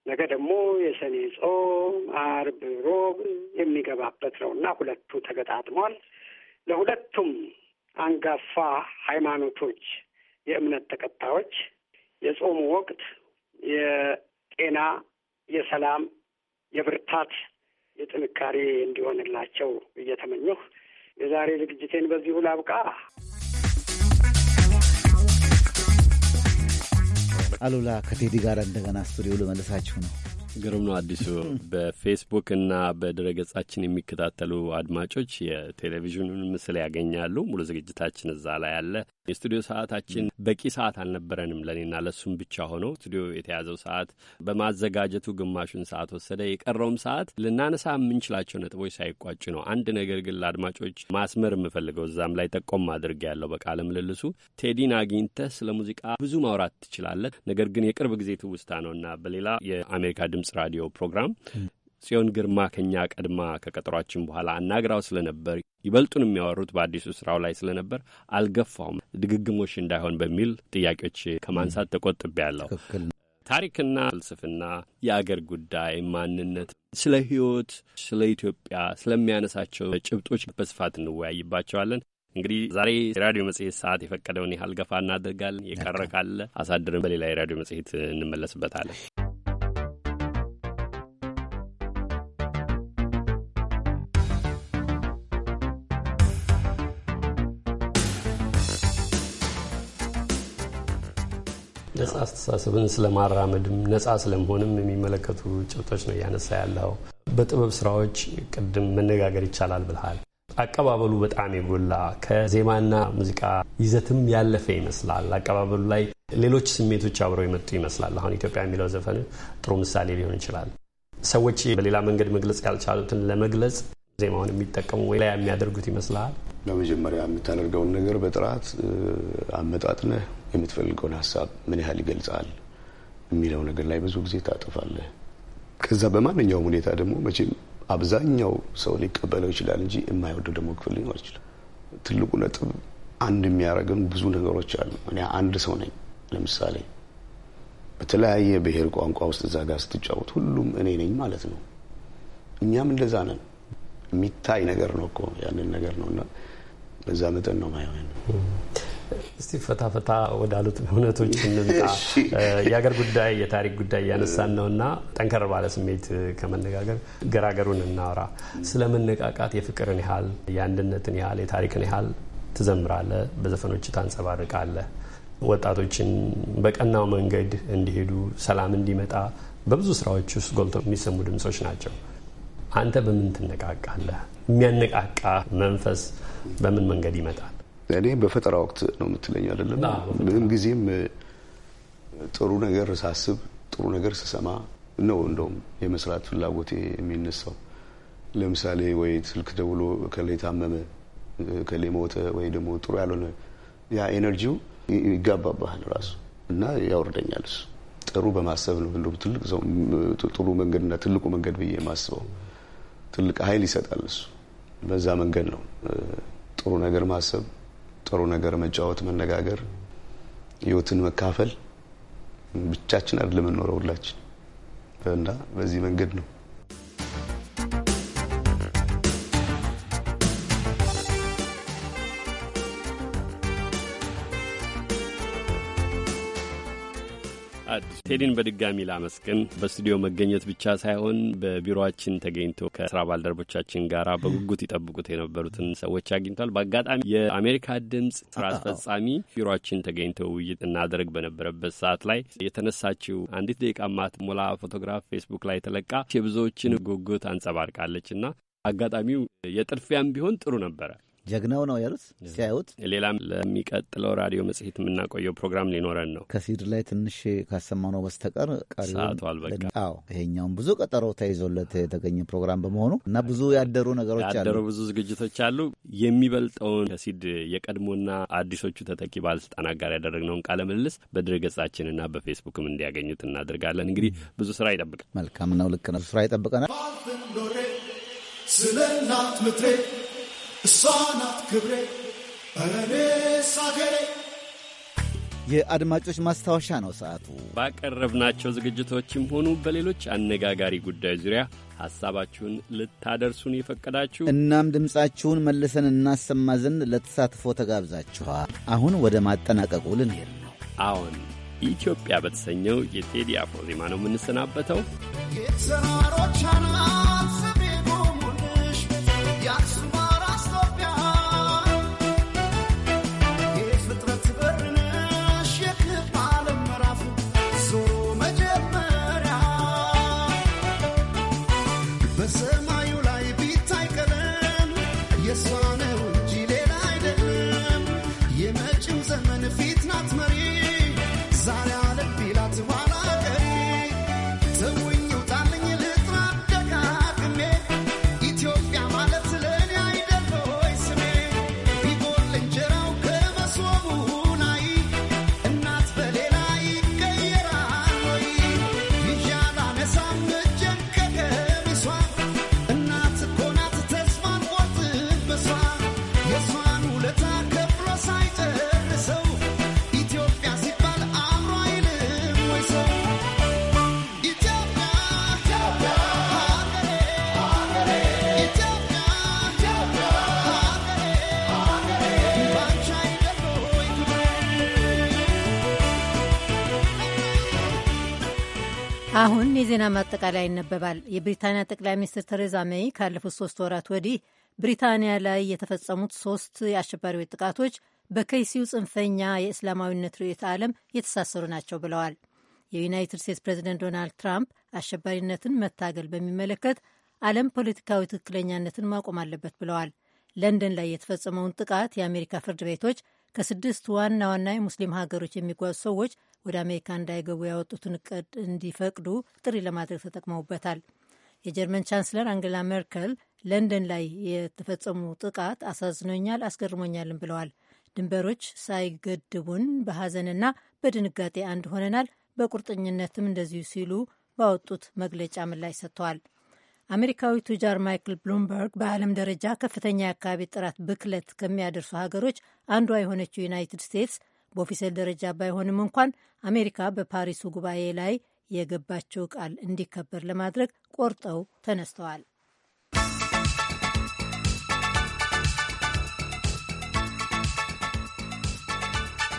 ነገ ደግሞ የሰኔ ጾም አርብ፣ ሮብ የሚገባበት ነው እና ሁለቱ ተገጣጥሟል። ለሁለቱም አንጋፋ ሃይማኖቶች የእምነት ተከታዮች የጾሙ ወቅት የጤና፣ የሰላም፣ የብርታት፣ የጥንካሬ እንዲሆንላቸው እየተመኘሁ የዛሬ ዝግጅቴን በዚሁ ላብቃ። አሉላ ከቴዲ ጋር እንደገና ስቱዲዮ ልመልሳችሁ ነው። ግሩም ነው። አዲሱ በፌስቡክ እና በድረገጻችን የሚከታተሉ አድማጮች የቴሌቪዥኑን ምስል ያገኛሉ። ሙሉ ዝግጅታችን እዛ ላይ አለ። የስቱዲዮ ሰዓታችን በቂ ሰዓት አልነበረንም ለእኔና ለሱም ብቻ ሆኖ ስቱዲዮ የተያዘው ሰዓት በማዘጋጀቱ ግማሹን ሰዓት ወሰደ። የቀረውም ሰዓት ልናነሳ የምንችላቸው ነጥቦች ሳይቋጭ ነው። አንድ ነገር ግን ለአድማጮች ማስመር የምፈልገው እዛም ላይ ጠቆም አድርጌ ያለው በቃለ ምልልሱ ቴዲን አግኝተህ ስለ ሙዚቃ ብዙ ማውራት ትችላለህ፣ ነገር ግን የቅርብ ጊዜ ትውስታ እና በሌላ የአሜሪካ ድምጽ ራዲዮ ፕሮግራም ጽዮን ግርማ ከኛ ቀድማ ከቀጠሯችን በኋላ አናግራው ስለነበር ይበልጡን የሚያወሩት በአዲሱ ስራው ላይ ስለነበር አልገፋውም፣ ድግግሞሽ እንዳይሆን በሚል ጥያቄዎች ከማንሳት ተቆጥቤ ያለው ታሪክና ፍልስፍና፣ የአገር ጉዳይ፣ ማንነት፣ ስለ ህይወት፣ ስለ ኢትዮጵያ ስለሚያነሳቸው ጭብጦች በስፋት እንወያይባቸዋለን። እንግዲህ ዛሬ የራዲዮ መጽሔት ሰዓት የፈቀደውን ያህል ገፋ እናደርጋለን። የቀረ ካለ አሳድርን በሌላ የራዲዮ መጽሔት እንመለስበታለን። ነጻ አስተሳሰብን ስለማራመድም ነጻ ስለመሆንም የሚመለከቱ ጭብጦች ነው እያነሳ ያለው። በጥበብ ስራዎች ቅድም መነጋገር ይቻላል ብልሃል። አቀባበሉ በጣም የጎላ ከዜማና ሙዚቃ ይዘትም ያለፈ ይመስላል። አቀባበሉ ላይ ሌሎች ስሜቶች አብረው የመጡ ይመስላል። አሁን ኢትዮጵያ የሚለው ዘፈን ጥሩ ምሳሌ ሊሆን ይችላል። ሰዎች በሌላ መንገድ መግለጽ ያልቻሉትን ለመግለጽ ዜማውን የሚጠቀሙ ወይ ላይ የሚያደርጉት ይመስልሃል? ለመጀመሪያ የምታደርገውን ነገር በጥራት አመጣጥነህ የምትፈልገውን ሀሳብ ምን ያህል ይገልጻል የሚለው ነገር ላይ ብዙ ጊዜ ታጠፋለህ። ከዛ በማንኛውም ሁኔታ ደግሞ መቼም አብዛኛው ሰው ሊቀበለው ይችላል እንጂ የማይወደው ደግሞ ክፍል ሊኖር ይችላል። ትልቁ ነጥብ አንድ የሚያደርግን ብዙ ነገሮች አሉ። እኔ አንድ ሰው ነኝ። ለምሳሌ በተለያየ ብሔር ቋንቋ ውስጥ እዛ ጋር ስትጫወት ሁሉም እኔ ነኝ ማለት ነው። እኛም እንደዛ ነን። የሚታይ ነገር ነው እኮ ያንን ነገር ነው እና በዛ መጠን ነው ማየው እስቲ ፈታፈታ ወዳሉት እውነቶች እንምጣ። የሀገር ጉዳይ የታሪክ ጉዳይ እያነሳን ነው እና ጠንከር ባለ ስሜት ከመነጋገር ገራገሩን እናውራ። ስለ መነቃቃት የፍቅርን ያህል የአንድነትን ያህል የታሪክን ያህል ትዘምራለ በዘፈኖች ታንጸባርቃለህ። ወጣቶችን በቀናው መንገድ እንዲሄዱ ሰላም እንዲመጣ በብዙ ስራዎች ውስጥ ጎልቶ የሚሰሙ ድምጾች ናቸው። አንተ በምን ትነቃቃለህ? የሚያነቃቃ መንፈስ በምን መንገድ ይመጣል? እኔም በፈጠራ ወቅት ነው የምትለኝ አይደለም። ምንም ጊዜም ጥሩ ነገር ሳስብ፣ ጥሩ ነገር ስሰማ ነው እንደውም የመስራት ፍላጎቴ የሚነሳው። ለምሳሌ ወይ ስልክ ደውሎ ከሌ ታመመ፣ ከሌ ሞተ፣ ወይ ደግሞ ጥሩ ያልሆነ ያ ኤነርጂው ይጋባባሃል ራሱ እና ያወርደኛል እሱ ጥሩ በማሰብ ነው እንደውም ትልቅ ሰው ጥሩ መንገድና ትልቁ መንገድ ብዬ የማስበው ትልቅ ኃይል ይሰጣል እሱ። በዛ መንገድ ነው ጥሩ ነገር ማሰብ ጥሩ ነገር መጫወት፣ መነጋገር፣ ህይወትን መካፈል ብቻችን አይደለም የምንኖረው ሁላችን እና በዚህ መንገድ ነው አዲስ ቴዲን በድጋሚ ላመስግን። በስቱዲዮ መገኘት ብቻ ሳይሆን በቢሮችን ተገኝቶ ከስራ ባልደረቦቻችን ጋር በጉጉት ይጠብቁት የነበሩትን ሰዎች አግኝቷል። በአጋጣሚ የአሜሪካ ድምፅ ስራ አስፈጻሚ ቢሮችን ተገኝቶ ውይይት እናደርግ በነበረበት ሰዓት ላይ የተነሳችው አንዲት ደቂቃ ሞላ ፎቶግራፍ ፌስቡክ ላይ ተለቃ የብዙዎችን ጉጉት አንጸባርቃለች እና አጋጣሚው የጥርፊያም ቢሆን ጥሩ ነበረ። ጀግናው ነው ያሉት ሲያዩት። ሌላም ለሚቀጥለው ራዲዮ መጽሔት የምናቆየው ፕሮግራም ሊኖረን ነው። ከሲድ ላይ ትንሽ ካሰማነው በስተቀር ሰዓቱ አልበቃ። ይሄኛውም ብዙ ቀጠሮ ተይዞለት የተገኘ ፕሮግራም በመሆኑ እና ብዙ ያደሩ ነገሮች አሉ፣ ያደሩ ብዙ ዝግጅቶች አሉ። የሚበልጠውን ከሲድ የቀድሞና አዲሶቹ ተተኪ ባለስልጣናት ጋር ያደረግነውን ቃለ ምልልስ በድረገጻችንና በፌስቡክም እንዲያገኙት እናደርጋለን። እንግዲህ ብዙ ስራ ይጠብቃል። መልካም ነው። ልክ ነው። ስራ ይጠብቀናል። ስለናት ምትሬ የአድማጮች ማስታወሻ ነው። ሰዓቱ ባቀረብናቸው ዝግጅቶችም ሆኑ በሌሎች አነጋጋሪ ጉዳዮች ዙሪያ ሐሳባችሁን ልታደርሱን የፈቀዳችሁ እናም ድምፃችሁን መልሰን እናሰማ ዘንድ ለተሳትፎ ተጋብዛችኋል። አሁን ወደ ማጠናቀቁ ልንሄድ ነው። አዎን ኢትዮጵያ በተሰኘው የቴዲ አፍሮ ዜማ ነው የምንሰናበተው። የዜና ማጠቃለያ ይነበባል። የብሪታንያ ጠቅላይ ሚኒስትር ተሬዛ ሜይ ካለፉት ሶስት ወራት ወዲህ ብሪታንያ ላይ የተፈጸሙት ሶስት የአሸባሪዎች ጥቃቶች በከይሲው ጽንፈኛ የእስላማዊነት ርዕዮተ ዓለም የተሳሰሩ ናቸው ብለዋል። የዩናይትድ ስቴትስ ፕሬዚደንት ዶናልድ ትራምፕ አሸባሪነትን መታገል በሚመለከት ዓለም ፖለቲካዊ ትክክለኛነትን ማቆም አለበት ብለዋል። ለንደን ላይ የተፈጸመውን ጥቃት የአሜሪካ ፍርድ ቤቶች ከስድስት ዋና ዋና የሙስሊም ሀገሮች የሚጓዙ ሰዎች ወደ አሜሪካ እንዳይገቡ ያወጡትን እቅድ እንዲፈቅዱ ጥሪ ለማድረግ ተጠቅመውበታል። የጀርመን ቻንስለር አንገላ ሜርከል ለንደን ላይ የተፈጸሙ ጥቃት አሳዝኖኛል፣ አስገርሞኛልም ብለዋል። ድንበሮች ሳይገድቡን በሐዘንና በድንጋጤ አንድ ሆነናል፣ በቁርጠኝነትም እንደዚሁ ሲሉ ባወጡት መግለጫ ምላሽ ሰጥተዋል። አሜሪካዊ ቱጃር ማይክል ብሉምበርግ በዓለም ደረጃ ከፍተኛ የአካባቢ ጥራት ብክለት ከሚያደርሱ ሀገሮች አንዷ የሆነችው ዩናይትድ ስቴትስ በኦፊሴል ደረጃ ባይሆንም እንኳን አሜሪካ በፓሪሱ ጉባኤ ላይ የገባቸው ቃል እንዲከበር ለማድረግ ቆርጠው ተነስተዋል።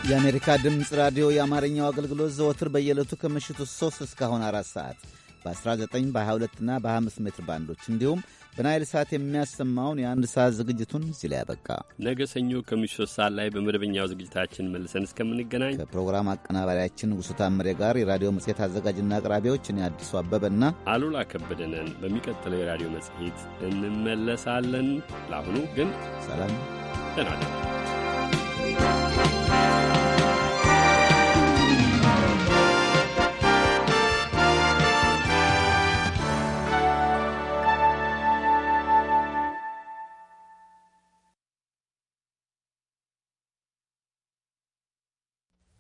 የአሜሪካ ድምፅ ራዲዮ የአማርኛው አገልግሎት ዘወትር በየዕለቱ ከምሽቱ 3 እስካሁን 4 ሰዓት በ19 በ22 እና በ25 ሜትር ባንዶች እንዲሁም በናይል ሰዓት የሚያሰማውን የአንድ ሰዓት ዝግጅቱን እዚህ ላይ ያበቃ። ነገ ሰኞ ከምሽቱ ሶስት ሰዓት ላይ በመደበኛው ዝግጅታችን መልሰን እስከምንገናኝ ከፕሮግራም አቀናባሪያችን ንጉሡ ታምሬ ጋር የራዲዮ መጽሔት አዘጋጅና አቅራቢዎች እኔ አዲሱ አበበና አሉላ ከበደነን በሚቀጥለው የራዲዮ መጽሔት እንመለሳለን። ለአሁኑ ግን ሰላም ተናደ